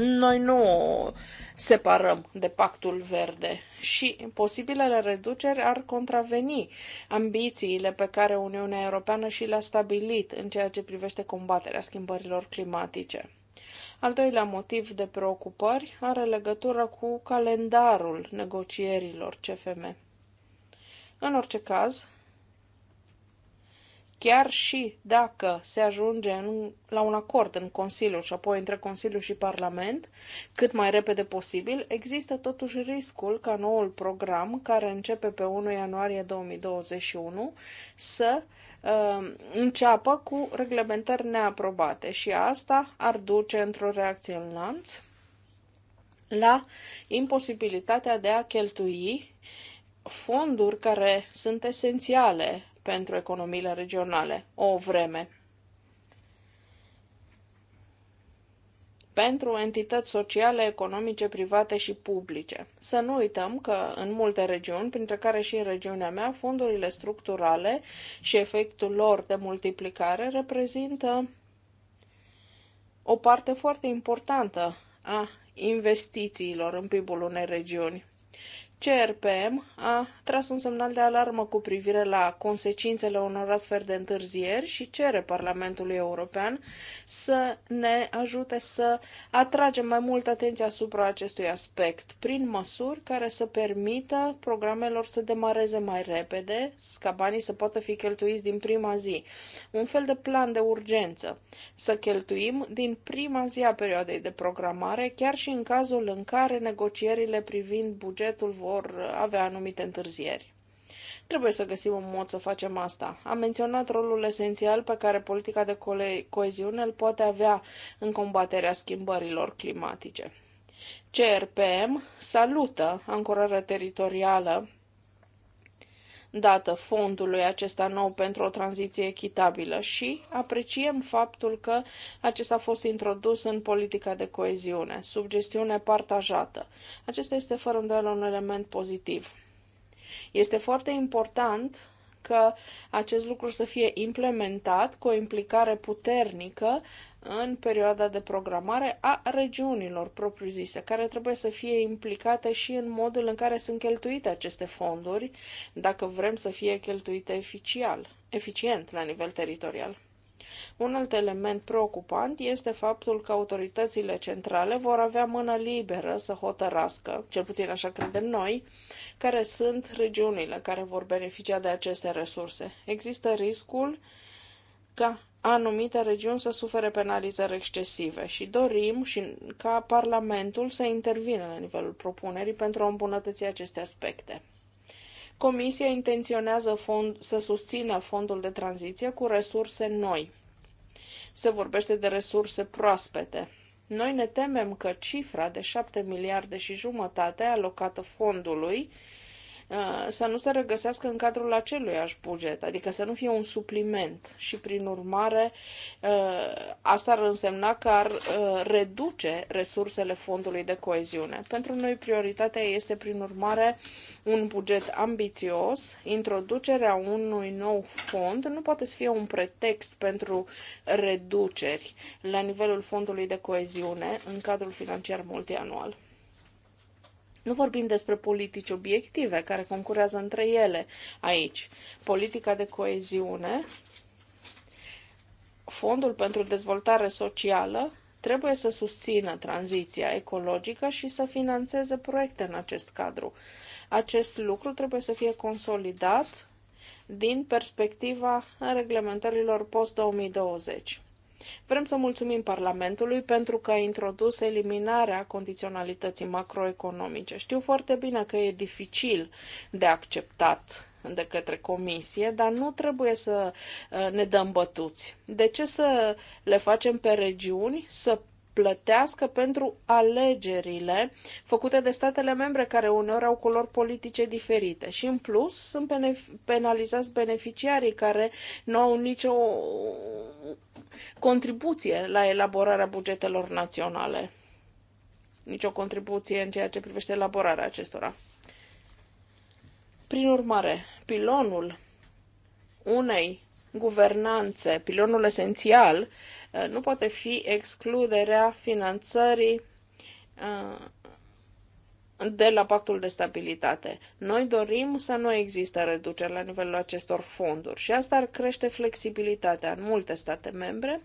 Noi nu separăm de pactul verde și posibilele reduceri ar contraveni ambițiile pe care Uniunea Europeană și le-a stabilit în ceea ce privește combaterea schimbărilor climatice. Al doilea motiv de preocupări are legătură cu calendarul negocierilor CFM. În orice caz, chiar și dacă se ajunge în, la un acord în Consiliu și apoi între Consiliu și Parlament, cât mai repede posibil, există totuși riscul ca noul program, care începe pe 1 ianuarie 2021, să uh, înceapă cu reglementări neaprobate și asta ar duce într-o reacție în lanț la imposibilitatea de a cheltui fonduri care sunt esențiale pentru economiile regionale o vreme. pentru entități sociale, economice, private și publice. Să nu uităm că în multe regiuni, printre care și în regiunea mea, fondurile structurale și efectul lor de multiplicare reprezintă o parte foarte importantă a investițiilor în PIB-ul unei regiuni. CRPM a tras un semnal de alarmă cu privire la consecințele unor astfel de întârzieri și cere Parlamentului European să ne ajute să atragem mai mult atenția asupra acestui aspect prin măsuri care să permită programelor să demareze mai repede, ca banii să poată fi cheltuiți din prima zi. Un fel de plan de urgență. Să cheltuim din prima zi a perioadei de programare, chiar și în cazul în care negocierile privind bugetul vor vor avea anumite întârzieri. Trebuie să găsim un mod să facem asta. Am menționat rolul esențial pe care politica de coeziune îl poate avea în combaterea schimbărilor climatice. CRPM salută ancorarea teritorială dată fondului acesta nou pentru o tranziție echitabilă și apreciem faptul că acesta a fost introdus în politica de coeziune, sub gestiune partajată. Acesta este fără îndoială un element pozitiv. Este foarte important că acest lucru să fie implementat cu o implicare puternică în perioada de programare a regiunilor propriu-zise, care trebuie să fie implicate și în modul în care sunt cheltuite aceste fonduri, dacă vrem să fie cheltuite eficial, eficient la nivel teritorial. Un alt element preocupant este faptul că autoritățile centrale vor avea mână liberă să hotărască, cel puțin așa credem noi, care sunt regiunile care vor beneficia de aceste resurse. Există riscul ca anumite regiuni să sufere penalizări excesive și dorim și ca Parlamentul să intervină la nivelul propunerii pentru a îmbunătăți aceste aspecte. Comisia intenționează fond, să susțină fondul de tranziție cu resurse noi. Se vorbește de resurse proaspete. Noi ne temem că cifra de 7 miliarde și jumătate alocată fondului Uh, să nu se regăsească în cadrul aceluiași buget, adică să nu fie un supliment și prin urmare uh, asta ar însemna că ar uh, reduce resursele fondului de coeziune. Pentru noi prioritatea este prin urmare un buget ambițios, introducerea unui nou fond nu poate să fie un pretext pentru reduceri la nivelul fondului de coeziune în cadrul financiar multianual. Nu vorbim despre politici obiective care concurează între ele aici. Politica de coeziune, Fondul pentru Dezvoltare Socială trebuie să susțină tranziția ecologică și să financeze proiecte în acest cadru. Acest lucru trebuie să fie consolidat din perspectiva reglementărilor post-2020. Vrem să mulțumim Parlamentului pentru că a introdus eliminarea condiționalității macroeconomice. Știu foarte bine că e dificil de acceptat de către comisie, dar nu trebuie să uh, ne dăm bătuți. De ce să le facem pe regiuni să plătească pentru alegerile făcute de statele membre care uneori au culori politice diferite. Și în plus sunt penalizați beneficiarii care nu au nicio contribuție la elaborarea bugetelor naționale. Nicio contribuție în ceea ce privește elaborarea acestora. Prin urmare, pilonul unei guvernanțe, pilonul esențial Uh, nu poate fi excluderea finanțării uh, de la pactul de stabilitate. Noi dorim să nu există reduceri la nivelul acestor fonduri și asta ar crește flexibilitatea în multe state membre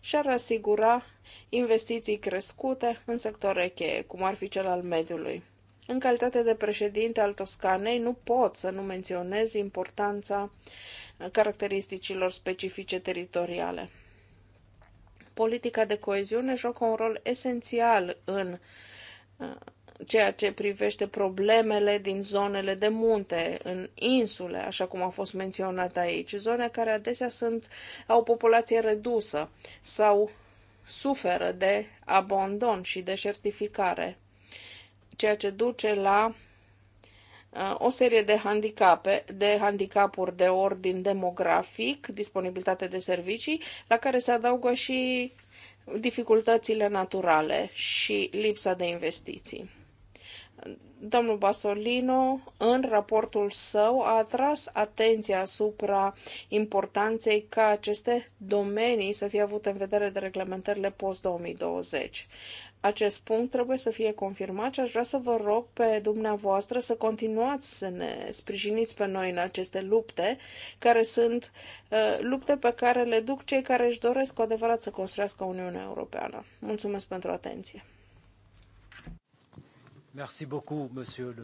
și ar asigura investiții crescute în sectoare cheie, cum ar fi cel al mediului. În calitate de președinte al Toscanei, nu pot să nu menționez importanța caracteristicilor specifice teritoriale politica de coeziune joacă un rol esențial în uh, ceea ce privește problemele din zonele de munte, în insule, așa cum a fost menționat aici, zone care adesea sunt, au o populație redusă sau suferă de abandon și certificare, ceea ce duce la o serie de handicape, de handicapuri de ordin demografic, disponibilitate de servicii, la care se adaugă și dificultățile naturale și lipsa de investiții. Domnul Basolino, în raportul său, a atras atenția asupra importanței ca aceste domenii să fie avute în vedere de reglementările post-2020. Acest punct trebuie să fie confirmat și aș vrea să vă rog pe dumneavoastră să continuați să ne sprijiniți pe noi în aceste lupte, care sunt uh, lupte pe care le duc cei care își doresc cu adevărat să construiască Uniunea Europeană. Mulțumesc pentru atenție. Merci beaucoup, monsieur le...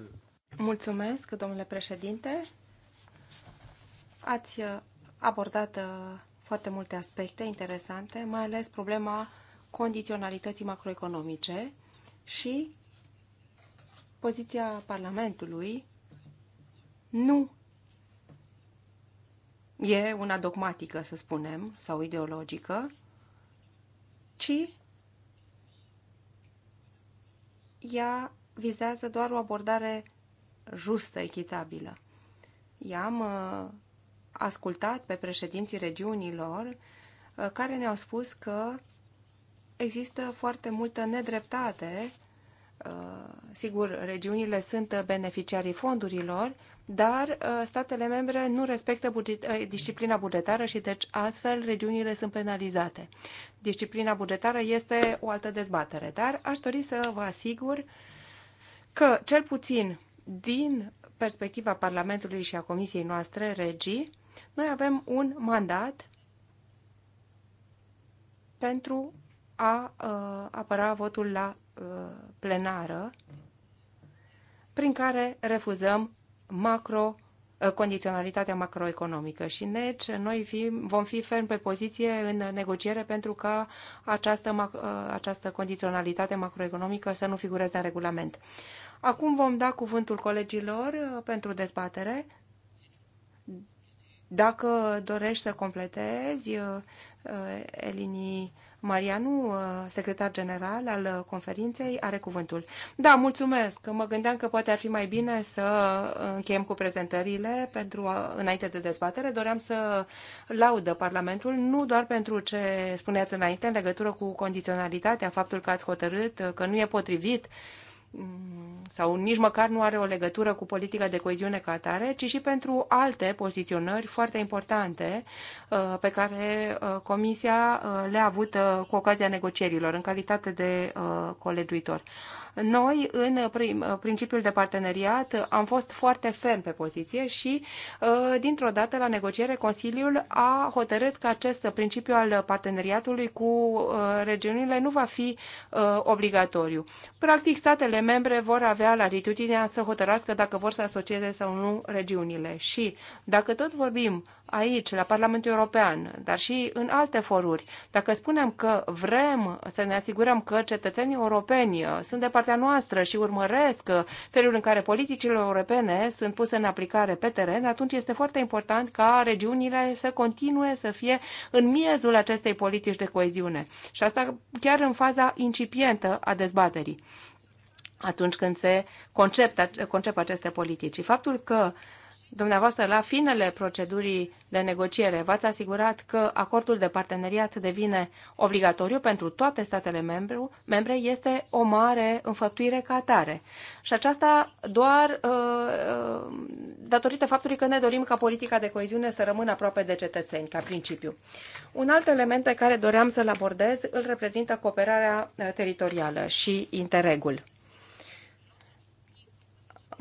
Mulțumesc, domnule președinte. Ați uh, abordat uh, foarte multe aspecte interesante, mai ales problema condiționalității macroeconomice și poziția Parlamentului nu e una dogmatică, să spunem, sau ideologică, ci ea vizează doar o abordare justă, echitabilă. I-am uh, ascultat pe președinții regiunilor uh, care ne-au spus că există foarte multă nedreptate. Uh, sigur, regiunile sunt beneficiarii fondurilor, dar uh, statele membre nu respectă buget, uh, disciplina bugetară și deci astfel regiunile sunt penalizate. Disciplina bugetară este o altă dezbatere, dar aș dori să vă asigur că cel puțin din perspectiva Parlamentului și a Comisiei noastre, regii, noi avem un mandat pentru a uh, apăra votul la uh, plenară, prin care refuzăm macro uh, condiționalitatea macroeconomică și deci noi fi, vom fi ferm pe poziție în negociere pentru ca această, această condiționalitate macroeconomică să nu figureze în regulament. Acum vom da cuvântul colegilor pentru dezbatere. Dacă dorești să completezi, Elinii, Marianu, uh, secretar general al uh, conferinței, are cuvântul. Da, mulțumesc. Mă gândeam că poate ar fi mai bine să încheiem cu prezentările pentru a, uh, înainte de dezbatere. Doream să laudă Parlamentul, nu doar pentru ce spuneați înainte în legătură cu condiționalitatea, faptul că ați hotărât că nu e potrivit Mm, sau nici măcar nu are o legătură cu politica de coeziune ca atare, ci și pentru alte poziționări foarte importante uh, pe care uh, Comisia uh, le-a avut cu ocazia negocierilor în calitate de colegiuitor. Noi, în principiul de parteneriat, am fost foarte ferm pe poziție și, uh, dintr-o dată, la negociere, Consiliul a hotărât că acest principiu al parteneriatului cu uh, regiunile nu va fi uh, obligatoriu. Practic, statele membre vor avea latitudinea să hotărască dacă vor să asocieze sau nu regiunile. Și, dacă tot vorbim aici, la Parlamentul European, dar și în alte foruri, dacă spunem că vrem să ne asigurăm că cetățenii europeni uh, sunt de partea noastră și urmăresc uh, felul în care politicile europene sunt puse în aplicare pe teren, atunci este foarte important ca regiunile să continue să fie în miezul acestei politici de coeziune. Și asta chiar în faza incipientă a dezbaterii atunci când se concep, concep aceste politici. Faptul că uh, dumneavoastră, la finele procedurii de negociere, v-ați asigurat că acordul de parteneriat devine obligatoriu pentru toate statele membru, membre, este o mare înfăptuire ca atare. Și aceasta doar uh, uh datorită faptului că ne dorim ca politica de coeziune să rămână aproape de cetățeni, ca principiu. Un alt element pe care doream să-l abordez îl reprezintă cooperarea uh, teritorială și interregul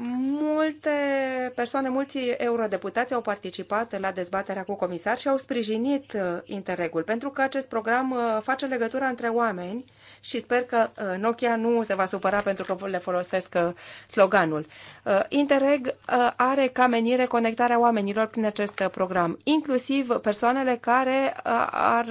multe persoane, mulți eurodeputați au participat la dezbaterea cu comisar și au sprijinit uh, Interregul, pentru că acest program uh, face legătura între oameni și sper că uh, Nokia nu se va supăra pentru că le folosesc sloganul. Interreg are ca menire conectarea oamenilor prin acest program, inclusiv persoanele care ar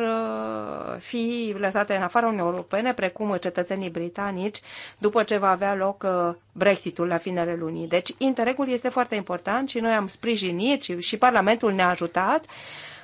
fi lăsate în afara Uniunii Europene, precum cetățenii britanici, după ce va avea loc Brexitul la finele lunii domenii. Deci, interregul este foarte important și noi am sprijinit și, și Parlamentul ne-a ajutat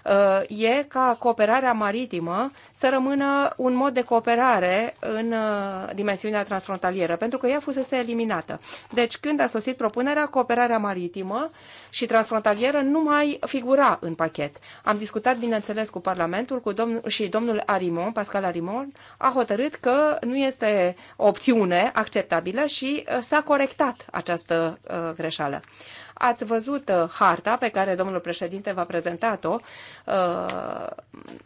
Uh, e ca cooperarea maritimă să rămână un mod de cooperare în uh, dimensiunea transfrontalieră, pentru că ea fusese eliminată. Deci când a sosit propunerea, cooperarea maritimă și transfrontalieră nu mai figura în pachet. Am discutat, bineînțeles, cu Parlamentul cu domn- și domnul Arimon, Pascal Arimon, a hotărât că nu este o opțiune acceptabilă și uh, s-a corectat această uh, greșeală. Ați văzut uh, harta pe care domnul președinte v-a prezentat-o uh,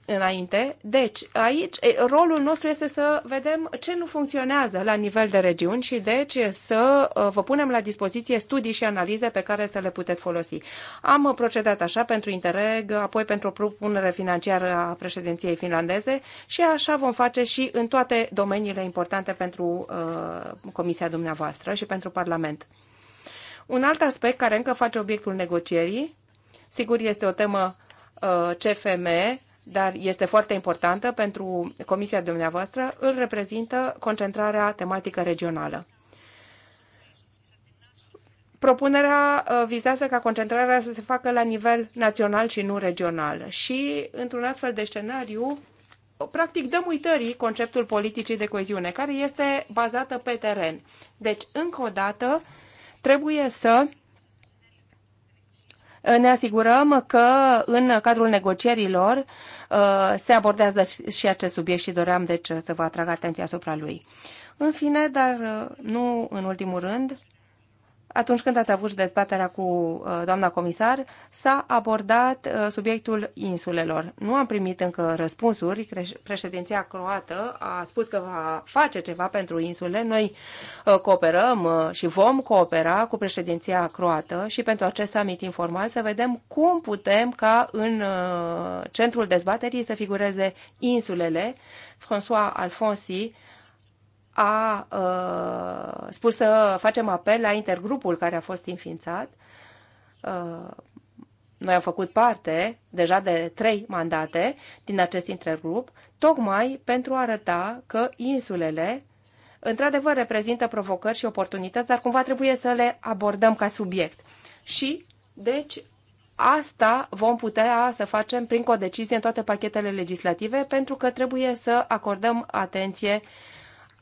înainte. Deci, aici, rolul nostru este să vedem ce nu funcționează la nivel de regiuni și deci să uh, vă punem la dispoziție studii și analize pe care să le puteți folosi. Am uh, procedat așa pentru Interreg, apoi pentru o propunere financiară a președinției finlandeze și așa vom face și în toate domeniile importante pentru uh, Comisia dumneavoastră și pentru Parlament. Un alt aspect care încă face obiectul negocierii, sigur este o temă uh, CFM, dar este foarte importantă pentru comisia dumneavoastră, îl reprezintă concentrarea tematică regională. Propunerea uh, vizează ca concentrarea să se facă la nivel național și nu regional. Și, într-un astfel de scenariu, practic dăm uitării conceptul politicii de coeziune, care este bazată pe teren. Deci, încă o dată, trebuie să uh, ne asigurăm că în cadrul negocierilor uh, se abordează și acest subiect și doream deci să vă atrag atenția asupra lui. În fine, dar uh, nu în ultimul rând, atunci când ați avut dezbaterea cu uh, doamna comisar, s-a abordat uh, subiectul insulelor. Nu am primit încă răspunsuri. Președinția croată a spus că va face ceva pentru insule. Noi uh, cooperăm și vom coopera cu președinția croată și pentru acest summit informal să vedem cum putem ca în centrul dezbaterii să figureze insulele. François Alfonsi, a uh, spus să facem apel la intergrupul care a fost înființat. Uh, noi am făcut parte deja de trei mandate din acest intergrup, tocmai pentru a arăta că insulele într-adevăr reprezintă provocări și oportunități, dar cumva trebuie să le abordăm ca subiect. Și, deci, asta vom putea să facem prin codecizie în toate pachetele legislative, pentru că trebuie să acordăm atenție uh,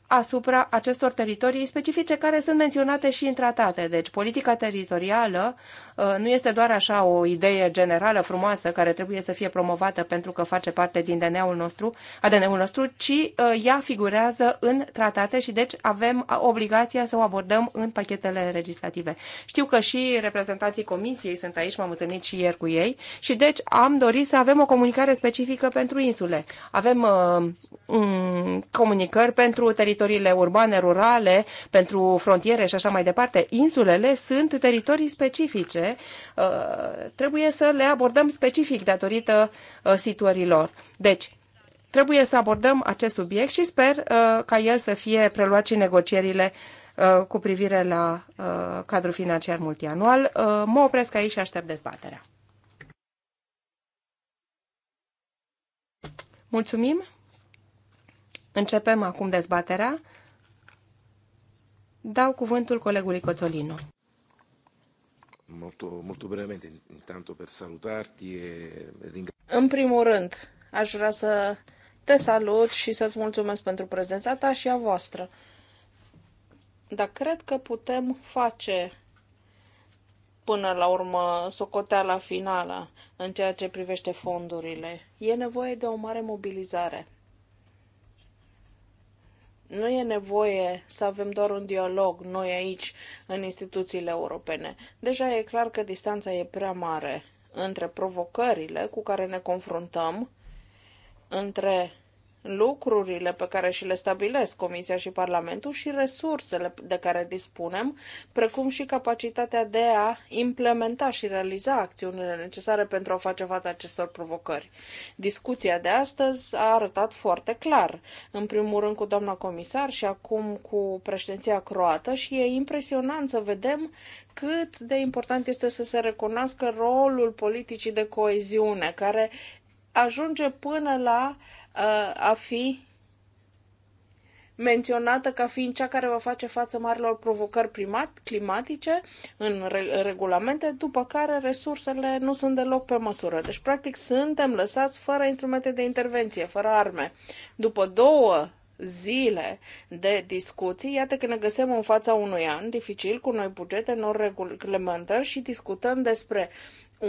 asupra acestor teritorii specifice care sunt menționate și în tratate. Deci politica teritorială Uh, nu este doar așa o idee generală frumoasă care trebuie să fie promovată pentru că face parte din DNA-ul nostru, ADN-ul nostru, ci uh, ea figurează în tratate și deci avem obligația să o abordăm în pachetele legislative. Știu că și reprezentanții comisiei sunt aici, m-am întâlnit și ieri cu ei și deci am dorit să avem o comunicare specifică pentru insule. Avem uh, comunicări pentru teritoriile urbane, rurale, pentru frontiere și așa mai departe. Insulele sunt teritorii specifice noastre, uh, trebuie să le abordăm specific datorită uh, situărilor. Deci, trebuie să abordăm acest subiect și sper uh, ca el să fie preluat și negocierile cu privire la cadrul financiar multianual. Mă opresc aici și aștept dezbaterea. Mulțumim! Începem acum dezbaterea. Dau cuvântul colegului Cotolino molto, molto brevemente intanto per salutarti e ringraziarti. În primul rând, aș vrea să te salut și să-ți mulțumesc pentru prezența ta și a voastră. Dar cred că putem face până la urmă socoteala finală în ceea ce privește fondurile. E nevoie de o mare mobilizare nu e nevoie să avem doar un dialog noi aici, în instituțiile europene. Deja e clar că distanța e prea mare între provocările cu care ne confruntăm, între lucrurile pe care și le stabilesc Comisia și Parlamentul și resursele de care dispunem, precum și capacitatea de a implementa și realiza acțiunile necesare pentru a face față acestor provocări. Discuția de astăzi a arătat foarte clar, în primul rând cu doamna comisar și acum cu președinția croată și e impresionant să vedem cât de important este să se recunoască rolul politicii de coeziune, care ajunge până la a fi menționată ca fiind cea care va face față marilor provocări primat, climatice în re- regulamente, după care resursele nu sunt deloc pe măsură. Deci, practic, suntem lăsați fără instrumente de intervenție, fără arme. După două zile de discuții, iată că ne găsim în fața unui an dificil, cu noi bugete, noi reglementări și discutăm despre 1%, 1,01%,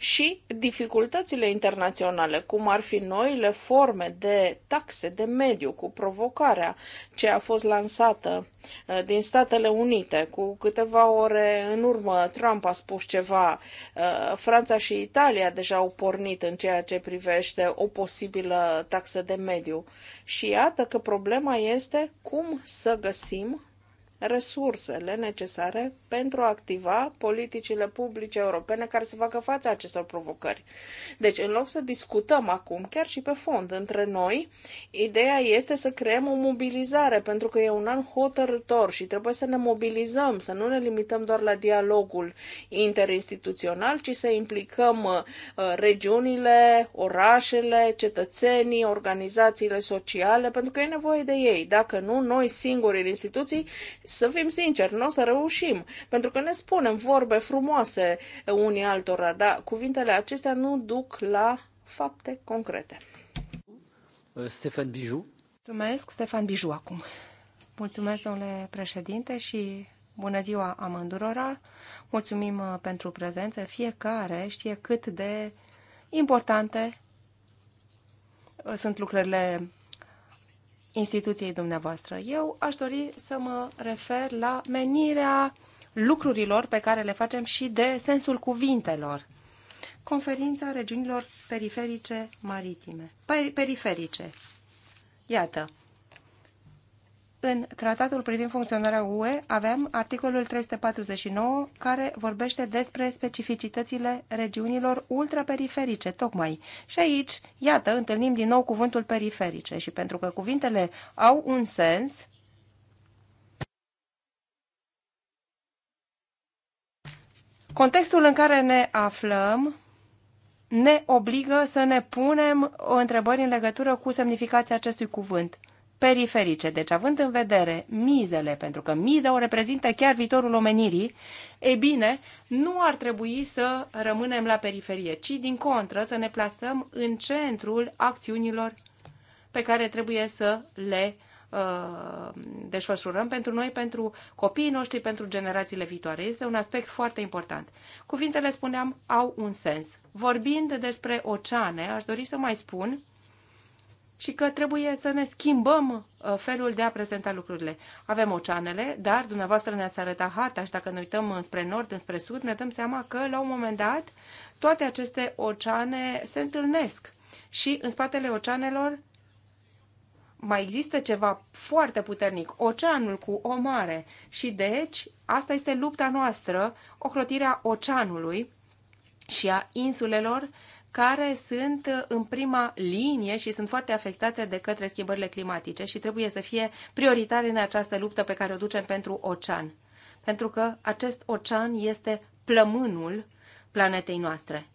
și dificultățile internaționale, cum ar fi noile forme de taxe de mediu cu provocarea ce a fost lansată uh, din Statele Unite. Cu câteva ore în urmă, Trump a spus ceva. Uh, Franța și Italia deja au pornit în ceea ce privește o posibilă taxă de mediu. Și iată că problema este cum să găsim resursele necesare pentru a activa politicile publice europene care să facă față acestor provocări. Deci, în loc să discutăm acum, chiar și pe fond, între noi, ideea este să creăm o mobilizare, pentru că e un an hotărător și trebuie să ne mobilizăm, să nu ne limităm doar la dialogul interinstituțional, ci să implicăm uh, regiunile, orașele, cetățenii, organizațiile sociale, pentru că e nevoie de ei. Dacă nu, noi singuri în instituții să fim sinceri, nu o să reușim, pentru că ne spunem vorbe frumoase unii altora, dar cuvintele acestea nu duc la fapte concrete. Euh, Stefan Bijou. Mulțumesc, Stefan Bijou, acum. Mulțumesc, domnule președinte, și bună ziua amândurora. Mulțumim uh, pentru prezență. Fiecare știe cât de importante uh, sunt lucrările instituției dumneavoastră. Eu aș dori să mă refer la menirea lucrurilor pe care le facem și de sensul cuvintelor. Conferința regiunilor periferice maritime. periferice. Iată, în tratatul privind funcționarea UE avem articolul 349 care vorbește despre specificitățile regiunilor ultraperiferice, tocmai. Și aici, iată, întâlnim din nou cuvântul periferice și pentru că cuvintele au un sens, contextul în care ne aflăm ne obligă să ne punem o întrebări în legătură cu semnificația acestui cuvânt periferice. Deci, având în vedere mizele, pentru că miza o reprezintă chiar viitorul omenirii, e bine, nu ar trebui să rămânem la periferie, ci din contră să ne plasăm în centrul acțiunilor pe care trebuie să le uh, desfășurăm pentru noi, pentru copiii noștri, pentru generațiile viitoare. Este un aspect foarte important. Cuvintele, spuneam, au un sens. Vorbind despre oceane, aș dori să mai spun și că trebuie să ne schimbăm uh, felul de a prezenta lucrurile. Avem oceanele, dar dumneavoastră ne-ați arătat harta și dacă ne uităm înspre nord, înspre sud, ne dăm seama că la un moment dat toate aceste oceane se întâlnesc și în spatele oceanelor mai există ceva foarte puternic, oceanul cu o mare și deci asta este lupta noastră, ocrotirea oceanului și a insulelor care sunt uh, în prima linie și sunt foarte afectate de către schimbările climatice și trebuie să fie prioritare în această luptă pe care o ducem pentru ocean. Pentru că acest ocean este plămânul planetei noastre.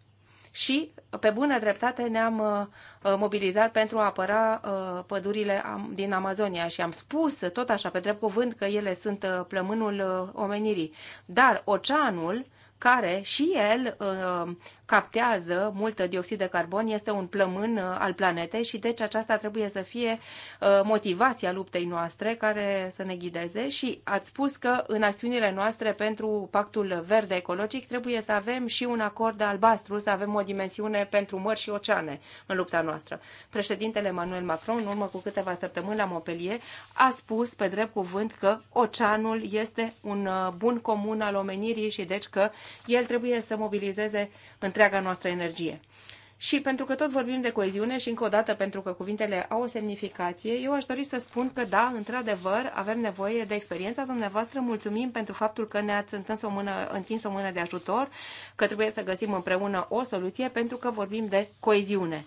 Și, pe bună dreptate, ne-am uh, uh, mobilizat pentru a apăra pădurile din Amazonia și am spus, tot așa, pe drept cuvânt, că ele sunt plămânul omenirii. Dar oceanul, care și el captează mult dioxid de carbon, este un plămân uh, al planetei și deci aceasta trebuie să fie uh, motivația luptei noastre care să ne ghideze și ați spus că în acțiunile noastre pentru pactul verde ecologic trebuie să avem și un acord albastru, să avem o dimensiune pentru mări și oceane în lupta noastră. Președintele Emmanuel Macron, în urmă cu câteva săptămâni la Montpellier, a spus pe drept cuvânt că oceanul este un uh, bun comun al omenirii și deci că el trebuie să mobilizeze în întreaga noastră energie. Și pentru că tot vorbim de coeziune și încă o dată pentru că cuvintele au o semnificație, eu aș dori să spun că da, într-adevăr, avem nevoie de experiența dumneavoastră. Mulțumim pentru faptul că ne-ați întins o mână, întins o mână de ajutor, că trebuie să găsim împreună o soluție pentru că vorbim de coeziune.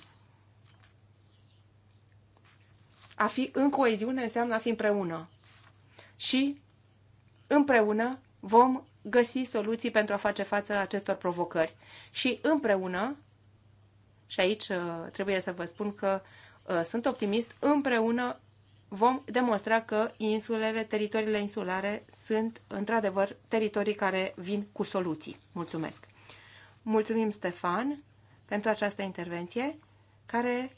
A fi în coeziune înseamnă a fi împreună. Și împreună vom găsi soluții pentru a face față acestor provocări. Și împreună, și aici uh, trebuie să vă spun că uh, sunt optimist, împreună vom demonstra că insulele, teritoriile insulare sunt într-adevăr teritorii care vin cu soluții. Mulțumesc! Mulțumim, Stefan, pentru această intervenție, care,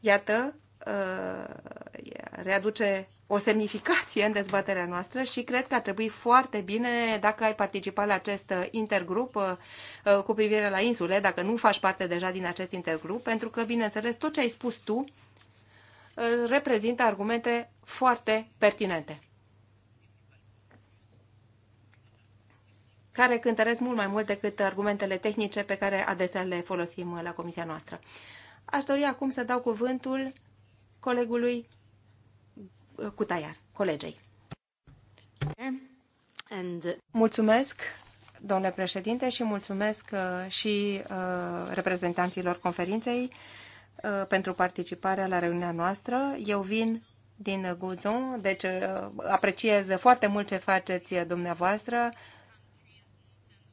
iată, uh, readuce o semnificație în dezbaterea noastră și cred că ar trebui foarte bine dacă ai participat la acest uh, intergrup uh, uh, cu privire la insule, dacă nu faci parte deja din acest intergrup, pentru că, bineînțeles, tot ce ai spus tu reprezintă argumente foarte pertinente. care cântăresc mult mai mult decât argumentele tehnice pe care adesea le folosim la comisia noastră. Aș dori acum să dau cuvântul colegului Cutaiar, colegei. Uh, mulțumesc, domnule președinte, și mulțumesc uh, și uh, reprezentanților conferinței pentru participarea la reuniunea noastră. Eu vin din Guzon, deci apreciez foarte mult ce faceți dumneavoastră.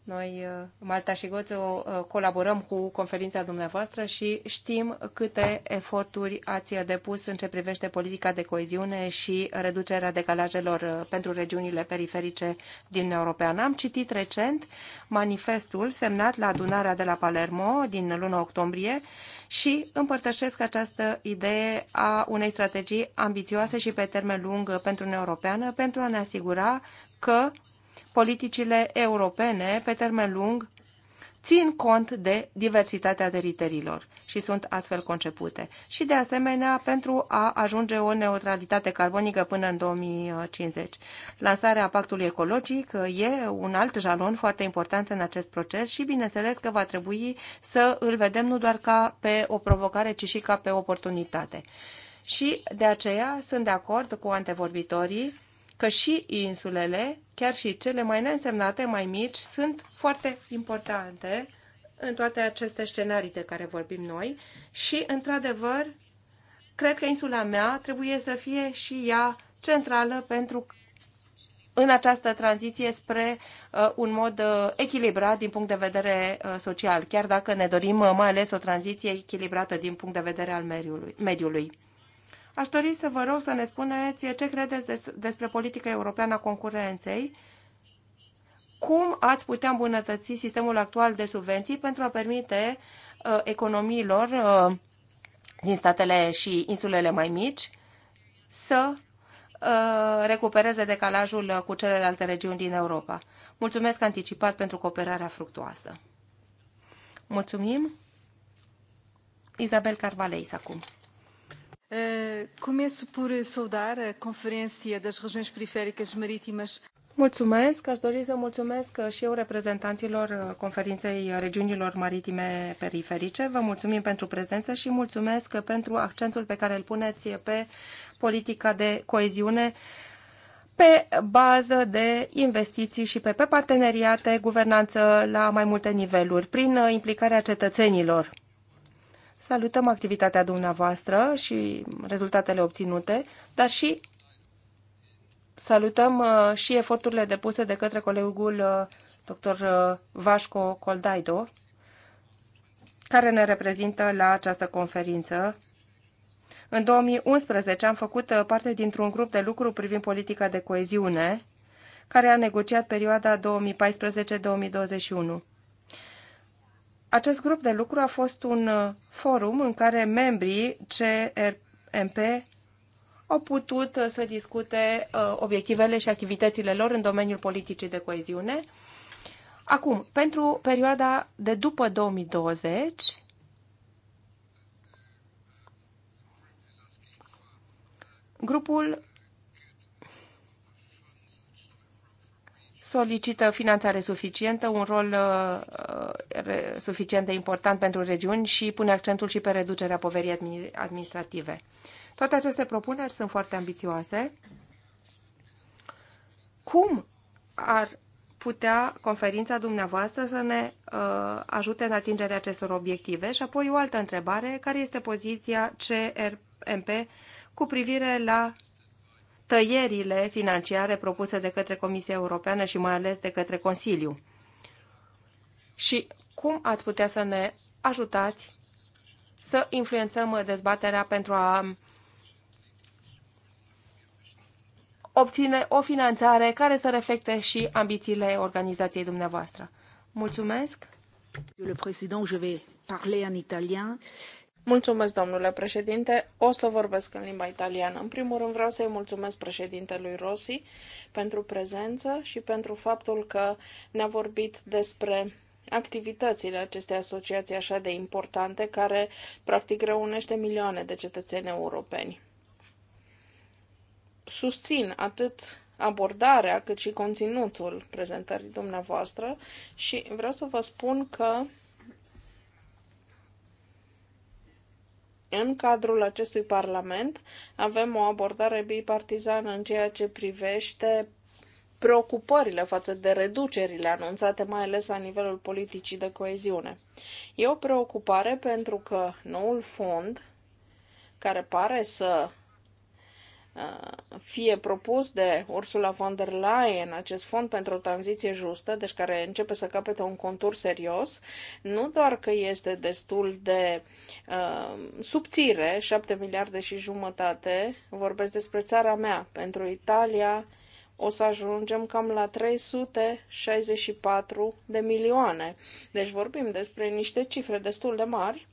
Noi, uh, Malta și Goțu, uh, colaborăm cu conferința dumneavoastră și știm câte eforturi ați depus în ce privește politica de coeziune și reducerea decalajelor uh, pentru regiunile periferice din Europeană. Am citit recent manifestul semnat la adunarea de la Palermo din luna octombrie și împărtășesc această idee a unei strategii ambițioase și pe termen lung pentru Uniunea Europeană pentru a ne asigura că politicile europene pe termen lung țin cont de diversitatea teritoriilor și sunt astfel concepute. Și de asemenea, pentru a ajunge o neutralitate carbonică până în 2050. Lansarea pactului ecologic e un alt jalon foarte important în acest proces și bineînțeles că va trebui să îl vedem nu doar ca pe o provocare, ci și ca pe oportunitate. Și de aceea sunt de acord cu antevorbitorii că și insulele, chiar și cele mai neînsemnate, mai mici, sunt foarte importante în toate aceste scenarii de care vorbim noi și, într-adevăr, cred că insula mea trebuie să fie și ea centrală pentru în această tranziție spre uh, un mod uh, echilibrat din punct de vedere uh, social, chiar dacă ne dorim uh, mai ales o tranziție echilibrată din punct de vedere al mediului. mediului. Aș dori să vă rog să ne spuneți ce credeți des despre politica europeană a concurenței, cum ați putea îmbunătăți sistemul actual de subvenții pentru a permite uh, economiilor uh, din statele și insulele mai mici să uh, recupereze decalajul cu celelalte regiuni din Europa. Mulțumesc anticipat pentru cooperarea fructuoasă. Mulțumim. Isabel Carvalheis acum. Eh, começo por saudar a Conferência das Regiões Periféricas Marítimas. Mulțumesc, aș dori să mulțumesc și eu reprezentanților eh, Conferinței Regiunilor Maritime Periferice. Vă mulțumim pentru prezență și mulțumesc pentru accentul pe care îl puneți pe politica de coeziune pe bază de investiții și pe, pe parteneriate, guvernanță la mai multe niveluri, prin eh, implicarea cetățenilor Salutăm activitatea dumneavoastră și rezultatele obținute, dar și salutăm uh, și eforturile depuse de către colegul uh, dr. Uh, Vasco Coldaido, care ne reprezintă la această conferință. În 2011 am făcut parte dintr-un grup de lucru privind politica de coeziune, care a negociat perioada 2014-2021. Acest grup de lucru a fost un uh, forum în care membrii CRMP au putut uh, să discute uh, obiectivele și activitățile lor în domeniul politicii de coeziune. Acum, pentru perioada de după 2020, grupul solicită finanțare suficientă, un rol uh, uh suficient de important pentru regiuni și pune accentul și pe reducerea poverii administrative. Toate aceste propuneri sunt foarte ambițioase. Cum ar putea conferința dumneavoastră să ne uh, ajute în atingerea acestor obiective? Și apoi o altă întrebare, care este poziția CRMP cu privire la tăierile financiare propuse de către Comisia Europeană și mai ales de către Consiliu? Și cum ați putea să ne ajutați să influențăm dezbaterea pentru a obține o finanțare care să reflecte și ambițiile organizației dumneavoastră. Mulțumesc! Le président, je vais parler en italien. Mulțumesc, domnule președinte. O să vorbesc în limba italiană. În primul rând vreau să-i mulțumesc președintelui Rossi pentru prezență și pentru faptul că ne-a vorbit despre activitățile acestei asociații așa de importante, care practic reunește milioane de cetățeni europeni. Susțin atât abordarea cât și conținutul prezentării dumneavoastră și vreau să vă spun că În cadrul acestui Parlament avem o abordare bipartizană în ceea ce privește preocupările față de reducerile anunțate, mai ales la nivelul politicii de coeziune. E o preocupare pentru că noul fond, care pare să Uh, fie propus de Ursula von der Leyen acest fond pentru o tranziție justă, deci care începe să capete un contur serios, nu doar că este destul de uh, subțire, 7 miliarde și jumătate, vorbesc despre țara mea, pentru Italia o să ajungem cam la 364 de milioane. Deci vorbim despre niște cifre destul de mari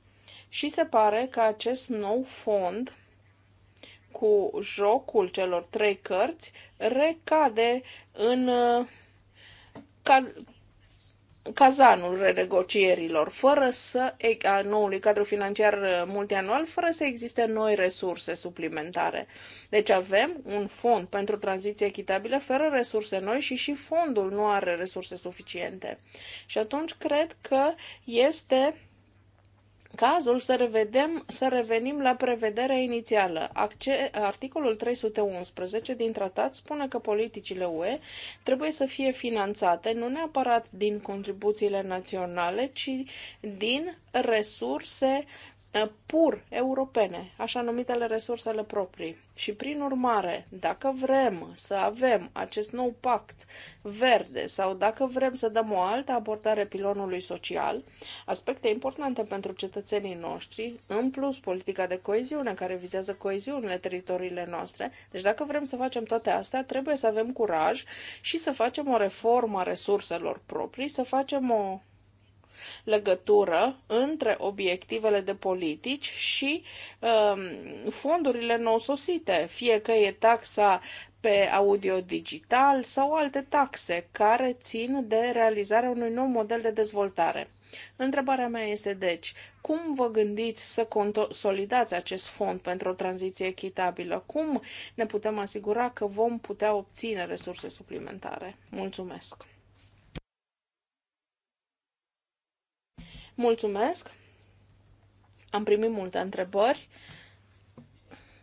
și se pare că acest nou fond cu jocul celor trei cărți recade în uh, ca, cazanul renegocierilor, fără să a noului cadru financiar uh, multianual, fără să existe noi resurse suplimentare. Deci avem un fond pentru tranziție echitabilă fără resurse noi și și fondul nu are resurse suficiente. Și atunci cred că este cazul să, revedem, să revenim la prevederea inițială. Acce, articolul 311 din tratat spune că politicile UE trebuie să fie finanțate nu neapărat din contribuțiile naționale, ci din resurse Ă, pur europene, așa numitele resursele proprii. Și prin urmare, dacă vrem să avem acest nou pact verde sau dacă vrem să dăm o altă abordare pilonului social, aspecte importante pentru cetățenii noștri, în plus politica de coeziune care vizează coeziunile teritoriile noastre, deci dacă vrem să facem toate astea, trebuie să avem curaj și să facem o reformă a resurselor proprii, să facem o legătură între obiectivele de politici și um, fondurile nou-sosite, fie că e taxa pe audio digital sau alte taxe care țin de realizarea unui nou model de dezvoltare. Întrebarea mea este deci, cum vă gândiți să consolidați acest fond pentru o tranziție echitabilă? Cum ne putem asigura că vom putea obține resurse suplimentare? Mulțumesc! Mulțumesc! Am primit multe întrebări.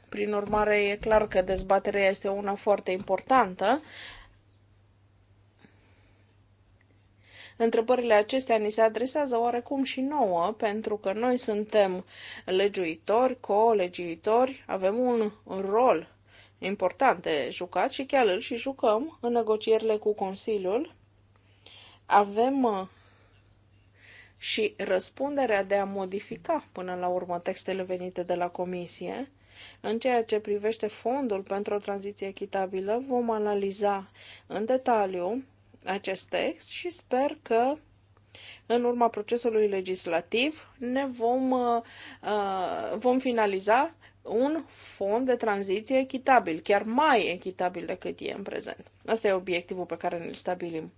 Prin urmare, e clar că dezbaterea este una foarte importantă. Întrebările acestea ni se adresează oarecum și nouă, pentru că noi suntem legiuitori, colegiuitori, avem un rol important de jucat și chiar îl și jucăm în negocierile cu Consiliul. Avem uh, și răspunderea de a modifica până la urmă textele venite de la Comisie. În ceea ce privește fondul pentru o tranziție echitabilă, vom analiza în detaliu acest text și sper că în urma procesului legislativ ne vom, uh, uh vom finaliza un fond de tranziție echitabil, chiar mai echitabil decât e în prezent. Asta e obiectivul pe care ne-l stabilim.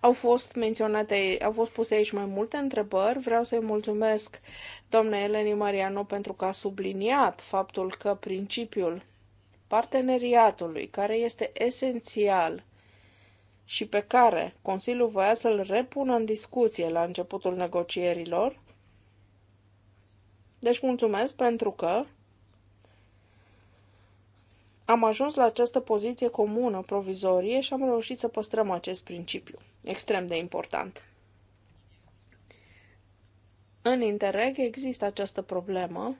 Au fost menționate, au fost puse aici mai multe întrebări. Vreau să-i mulțumesc doamnei Eleni Mariano pentru că a subliniat faptul că principiul parteneriatului, care este esențial și pe care Consiliul voia să-l repună în discuție la începutul negocierilor, deci mulțumesc pentru că am ajuns la această poziție comună, provizorie, și am reușit să păstrăm acest principiu, extrem de important. În Interreg există această problemă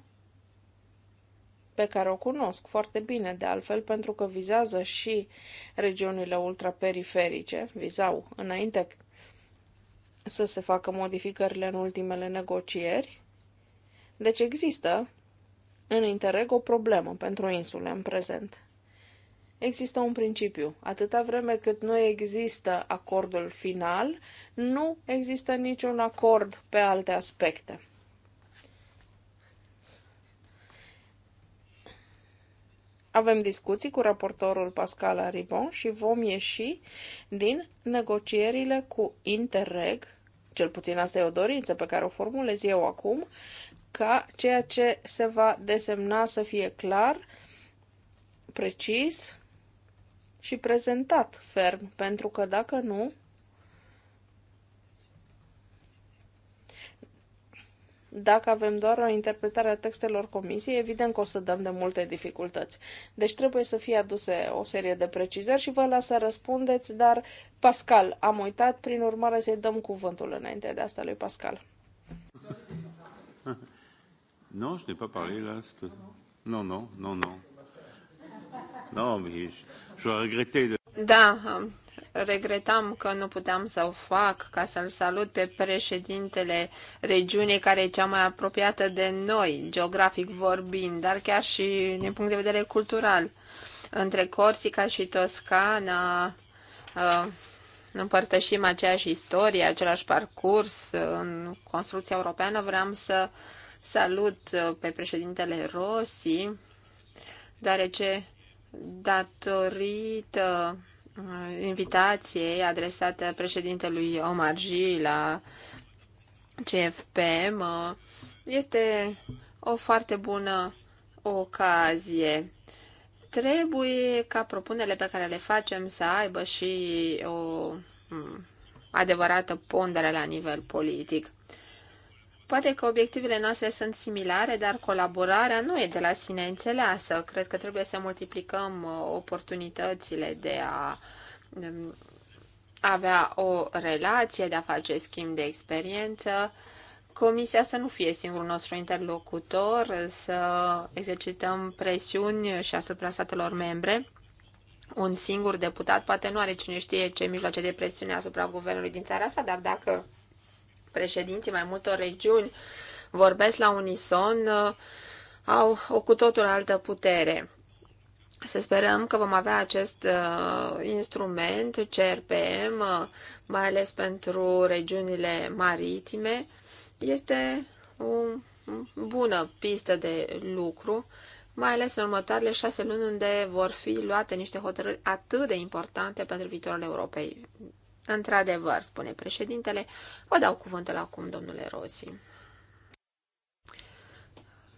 pe care o cunosc foarte bine, de altfel, pentru că vizează și regiunile ultraperiferice, vizau înainte să se facă modificările în ultimele negocieri. Deci există în Interreg o problemă pentru insule în prezent. Există un principiu. Atâta vreme cât nu există acordul final, nu există niciun acord pe alte aspecte. Avem discuții cu raportorul Pascal Aribon și vom ieși din negocierile cu Interreg, cel puțin asta e o dorință pe care o formulez eu acum, ca ceea ce se va desemna să fie clar, precis și prezentat ferm, pentru că dacă nu, dacă avem doar o interpretare a textelor comisiei, evident că o să dăm de multe dificultăți. Deci trebuie să fie aduse o serie de precizări și vă las să răspundeți, dar Pascal, am uitat, prin urmare să-i dăm cuvântul înainte de asta lui Pascal. (laughs) Non, je n'ai pas parlé là. Non, non, non, non. Non, mais je regretter de... Da, regretam că nu puteam să o fac ca să-l salut pe președintele regiunii care e cea mai apropiată de noi, geografic vorbind, dar chiar și din punct de vedere cultural. Între Corsica și Toscana uh, împărtășim aceeași istorie, același parcurs uh, în construcția europeană. Vreau să Salut uh, pe președintele Rossi, deoarece datorită uh, invitației adresată președintelui G la CFPM este o foarte bună ocazie. Trebuie ca propunerile pe care le facem să aibă și o mm, adevărată pondere la nivel politic. Poate că obiectivele noastre sunt similare, dar colaborarea nu e de la sine înțeleasă. Cred că trebuie să multiplicăm uh, oportunitățile de a um, avea o relație, de a face schimb de experiență. Comisia să nu fie singurul nostru interlocutor, să exercităm presiuni și asupra statelor membre. Un singur deputat poate nu are cine știe ce mijloace de presiune asupra guvernului din țara sa, dar dacă președinții mai multor regiuni vorbesc la unison, uh, au o cu totul altă putere. Să sperăm că vom avea acest uh, instrument, CRPM, uh, mai ales pentru regiunile maritime. Este o bună pistă de lucru, mai ales în următoarele șase luni unde vor fi luate niște hotărâri atât de importante pentru viitorul Europei. Într-adevăr, spune președintele, vă dau cuvântul acum, domnule Rosi.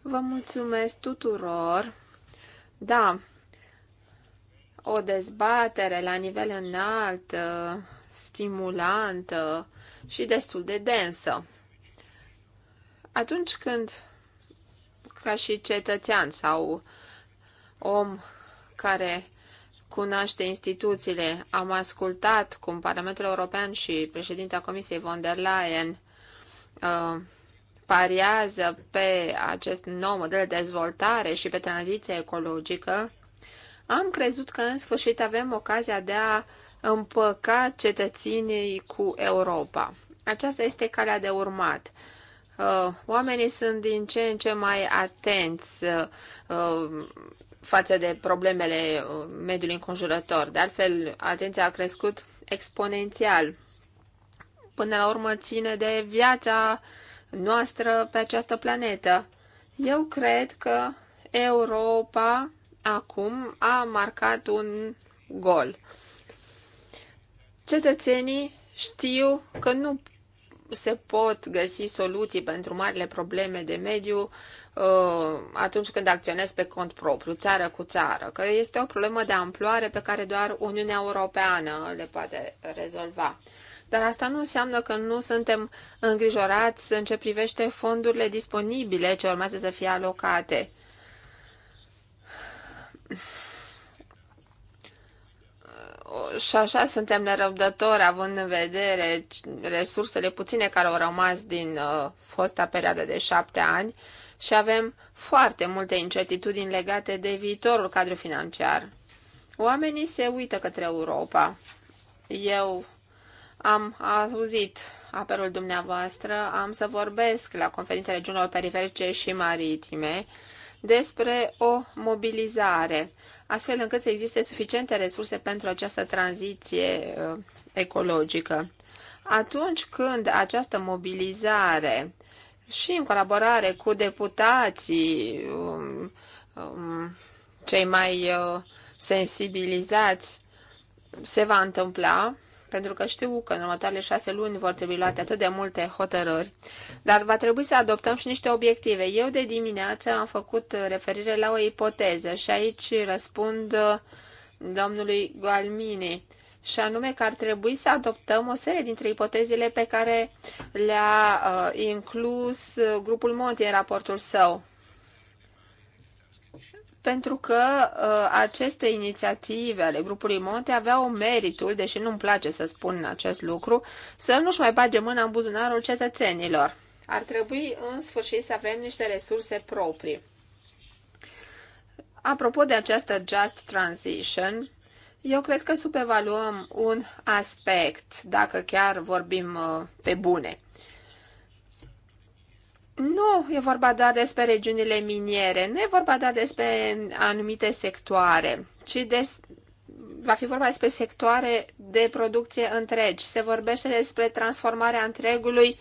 Vă mulțumesc tuturor. Da, o dezbatere la nivel înalt, uh, stimulantă și destul de densă. Atunci când, ca și cetățean sau om care cunoaște instituțiile. Am ascultat cum Parlamentul European și președinta Comisiei von der Leyen uh, pariază pe acest nou model de dezvoltare și pe tranziția ecologică, am crezut că în sfârșit avem ocazia de a împăca cetățenii cu Europa. Aceasta este calea de urmat. Uh, oamenii sunt din ce în ce mai atenți, uh, față de problemele uh, mediului înconjurător. De altfel, atenția a crescut exponențial. Până la urmă ține de viața noastră pe această planetă. Eu cred că Europa acum a marcat un gol. Cetățenii știu că nu se pot găsi soluții pentru marile probleme de mediu Uh, atunci când acționezi pe cont propriu, țară cu țară, că este o problemă de amploare pe care doar Uniunea Europeană le poate rezolva. Dar asta nu înseamnă că nu suntem îngrijorați în ce privește fondurile disponibile ce urmează să fie alocate. Și așa suntem nerăbdători, având în vedere resursele puține care au rămas din uh, fosta perioadă de șapte ani, uh, și avem foarte multe incertitudini legate de viitorul cadru financiar. Oamenii se uită către Europa. Eu am auzit apelul dumneavoastră, am să vorbesc la conferința regiunilor periferice și maritime despre o mobilizare, astfel încât să existe suficiente resurse pentru această tranziție uh, ecologică. Atunci când această mobilizare și în colaborare cu deputații, um, um, cei mai uh, sensibilizați, se va întâmpla, pentru că știu că în următoarele șase luni vor trebui luate atât de multe hotărâri, dar va trebui să adoptăm și niște obiective. Eu de dimineață am făcut referire la o ipoteză și aici răspund uh, domnului Gualmini și anume că ar trebui să adoptăm o serie dintre ipotezile pe care le-a uh, inclus uh, grupul Monti în raportul său. Pentru că uh, aceste inițiative ale grupului Monte aveau meritul, deși nu-mi place să spun acest lucru, să nu-și mai bage mâna în buzunarul cetățenilor. Ar trebui în sfârșit să avem niște resurse proprii. Apropo de această Just Transition, eu cred că subevaluăm un aspect, dacă chiar vorbim uh, pe bune. Nu e vorba doar despre regiunile miniere, nu e vorba doar despre anumite sectoare, ci des, va fi vorba despre sectoare de producție întregi. Se vorbește despre transformarea întregului uh,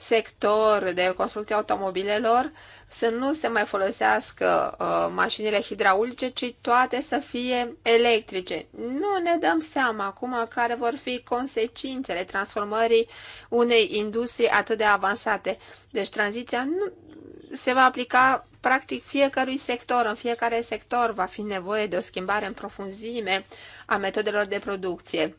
sector de construcție automobilelor să nu se mai folosească uh, mașinile hidraulice, ci toate să fie electrice. Nu ne dăm seama acum care vor fi consecințele transformării unei industrii atât de avansate. Deci tranziția nu se va aplica practic fiecărui sector. În fiecare sector va fi nevoie de o schimbare în profunzime a metodelor de producție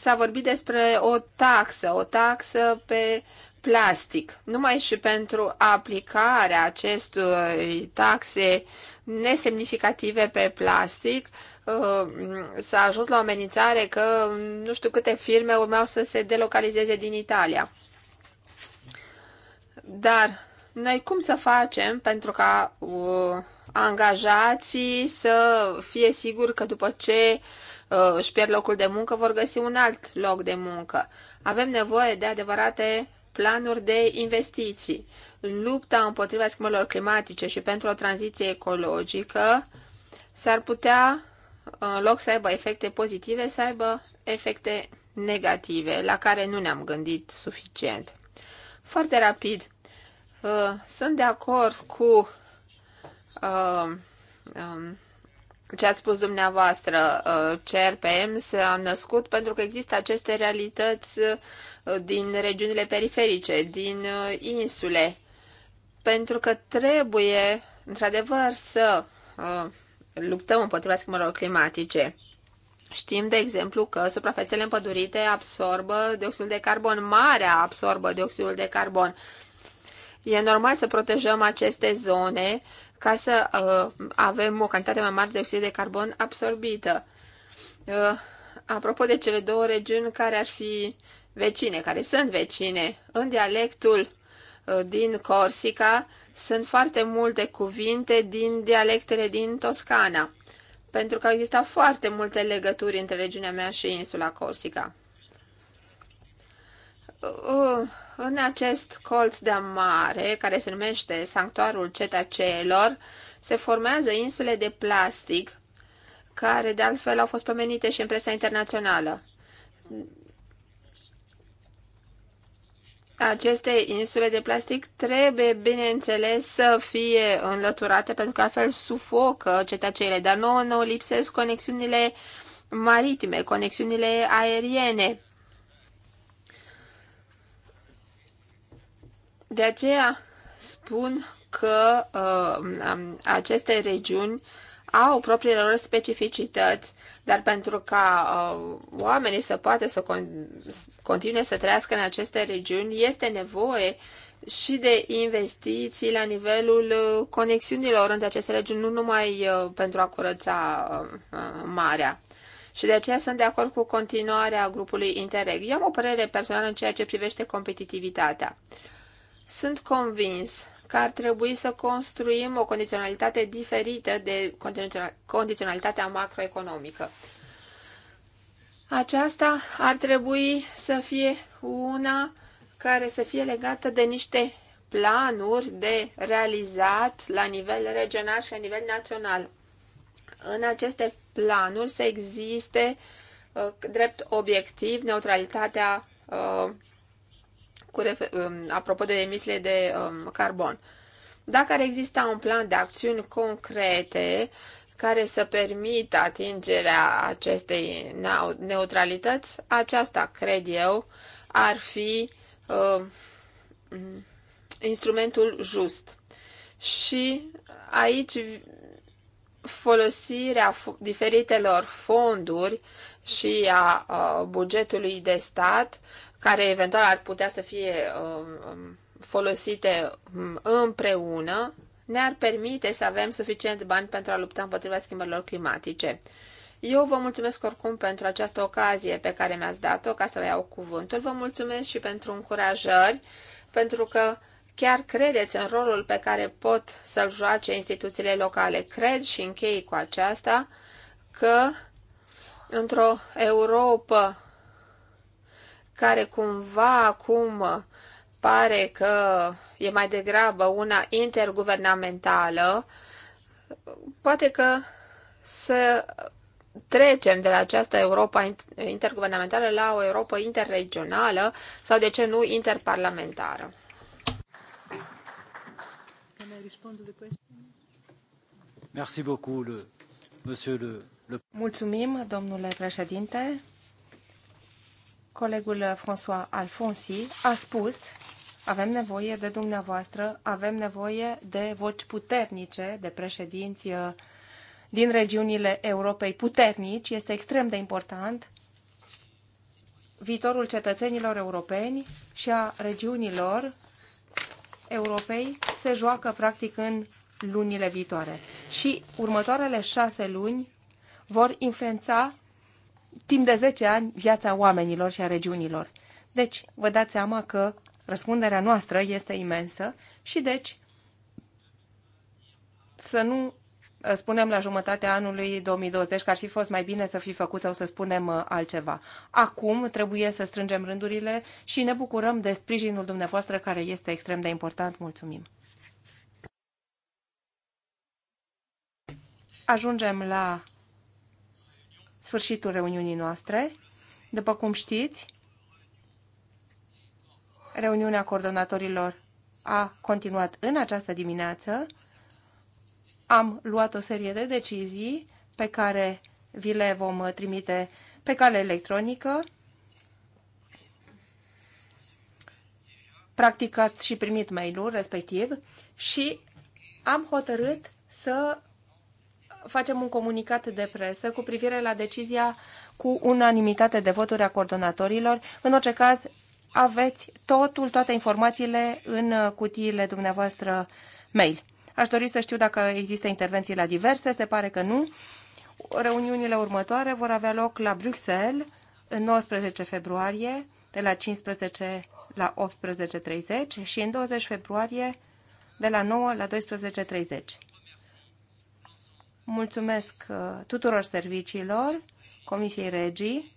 s-a vorbit despre o taxă, o taxă pe plastic. Numai și pentru aplicarea acestui taxe nesemnificative pe plastic uh, s-a ajuns la o amenințare că nu știu câte firme urmeau să se delocalizeze din Italia. Dar noi cum să facem pentru ca uh, angajații să fie siguri că după ce Uh, își pierd locul de muncă, vor găsi un alt loc de muncă. Avem nevoie de adevărate planuri de investiții. Lupta împotriva schimbărilor climatice și pentru o tranziție ecologică s-ar putea, în loc să aibă efecte pozitive, să aibă efecte negative, la care nu ne-am gândit suficient. Foarte rapid, uh, sunt de acord cu uh, um, ce ați spus dumneavoastră, uh, CRPM s-a născut pentru că există aceste realități uh, din regiunile periferice, din uh, insule, pentru că trebuie, într-adevăr, să luptăm împotriva schimbărilor climatice. Știm, de exemplu, că suprafețele împădurite absorbă dioxidul de carbon, marea absorbă dioxidul de carbon. E normal să protejăm aceste zone ca să uh, avem o cantitate mai mare de oxid de carbon absorbită. Uh, apropo de cele două regiuni care ar fi vecine, care sunt vecine, în dialectul uh, din Corsica sunt foarte multe cuvinte din dialectele din Toscana, pentru că există foarte multe legături între regiunea mea și insula Corsica. Uh, uh în acest colț de mare, care se numește Sanctuarul Cetaceelor, se formează insule de plastic, care de altfel au fost pomenite și în presa internațională. Aceste insule de plastic trebuie, bineînțeles, să fie înlăturate, pentru că altfel sufocă cetaceele, dar nouă ne lipsesc conexiunile maritime, conexiunile aeriene De aceea spun că uh, aceste regiuni au propriile lor specificități, dar pentru ca uh, oamenii să poată să con- continue să trăiască în aceste regiuni, este nevoie și de investiții la nivelul uh, conexiunilor între aceste regiuni, nu numai uh, pentru a curăța uh, uh, marea. Și de aceea sunt de acord cu continuarea grupului Interreg. Eu am o părere personală în ceea ce privește competitivitatea. Uh, sunt convins că ar trebui să construim o condiționalitate diferită de condiționalitatea macroeconomică. Aceasta ar trebui să fie una care să fie legată de niște planuri de realizat la nivel regional și la nivel național. În aceste planuri să existe uh, drept obiectiv neutralitatea uh, cu um, apropo de emisiile de um, carbon. Dacă ar exista un plan de acțiuni concrete care să permită atingerea acestei neutralități, aceasta, cred eu, ar fi uh, instrumentul just. Și aici folosirea diferitelor fonduri și a bugetului de stat care eventual ar putea să fie um, um, folosite um, împreună, ne-ar permite să avem suficient bani pentru a lupta împotriva schimbărilor climatice. Eu vă mulțumesc oricum pentru această ocazie pe care mi-ați dat-o ca să vă iau cuvântul. Vă mulțumesc și pentru încurajări, pentru că chiar credeți în rolul pe care pot să-l joace instituțiile locale. Cred și închei cu aceasta că într-o Europa care cumva acum pare că e mai degrabă una interguvernamentală, poate că să trecem de la această Europa interguvernamentală la o Europa interregională sau, de ce nu, interparlamentară. Mulțumim, domnule președinte. Colegul François Alfonsi a spus avem nevoie de dumneavoastră, avem nevoie de voci puternice, de președinți uh, din regiunile Europei puternici. Este extrem de important viitorul cetățenilor europeni și a regiunilor Europei se joacă practic în lunile viitoare. Și următoarele șase luni vor influența timp de 10 ani viața oamenilor și a regiunilor. Deci, vă dați seama că răspunderea noastră este imensă și deci să nu uh, spunem la jumătatea anului 2020 că ar fi fost mai bine să fi făcut sau să spunem uh, altceva. Acum trebuie să strângem rândurile și ne bucurăm de sprijinul dumneavoastră care este extrem de important. Mulțumim! Ajungem la sfârșitul reuniunii noastre. După cum știți, reuniunea coordonatorilor a continuat în această dimineață. Am luat o serie de decizii pe care vi le vom trimite pe cale electronică. Practicați și primit mail-ul respectiv și am hotărât să facem un comunicat de presă cu privire la decizia cu unanimitate de voturi a coordonatorilor. În orice caz, aveți totul, toate informațiile în uh, cutiile dumneavoastră mail. Aș dori să știu dacă există intervenții la diverse, se pare că nu. Reuniunile următoare vor avea loc la Bruxelles în 19 februarie de la 15 la 18.30 și în 20 februarie de la 9 la 12.30. Mulțumesc uh, tuturor serviciilor, Comisiei Regii,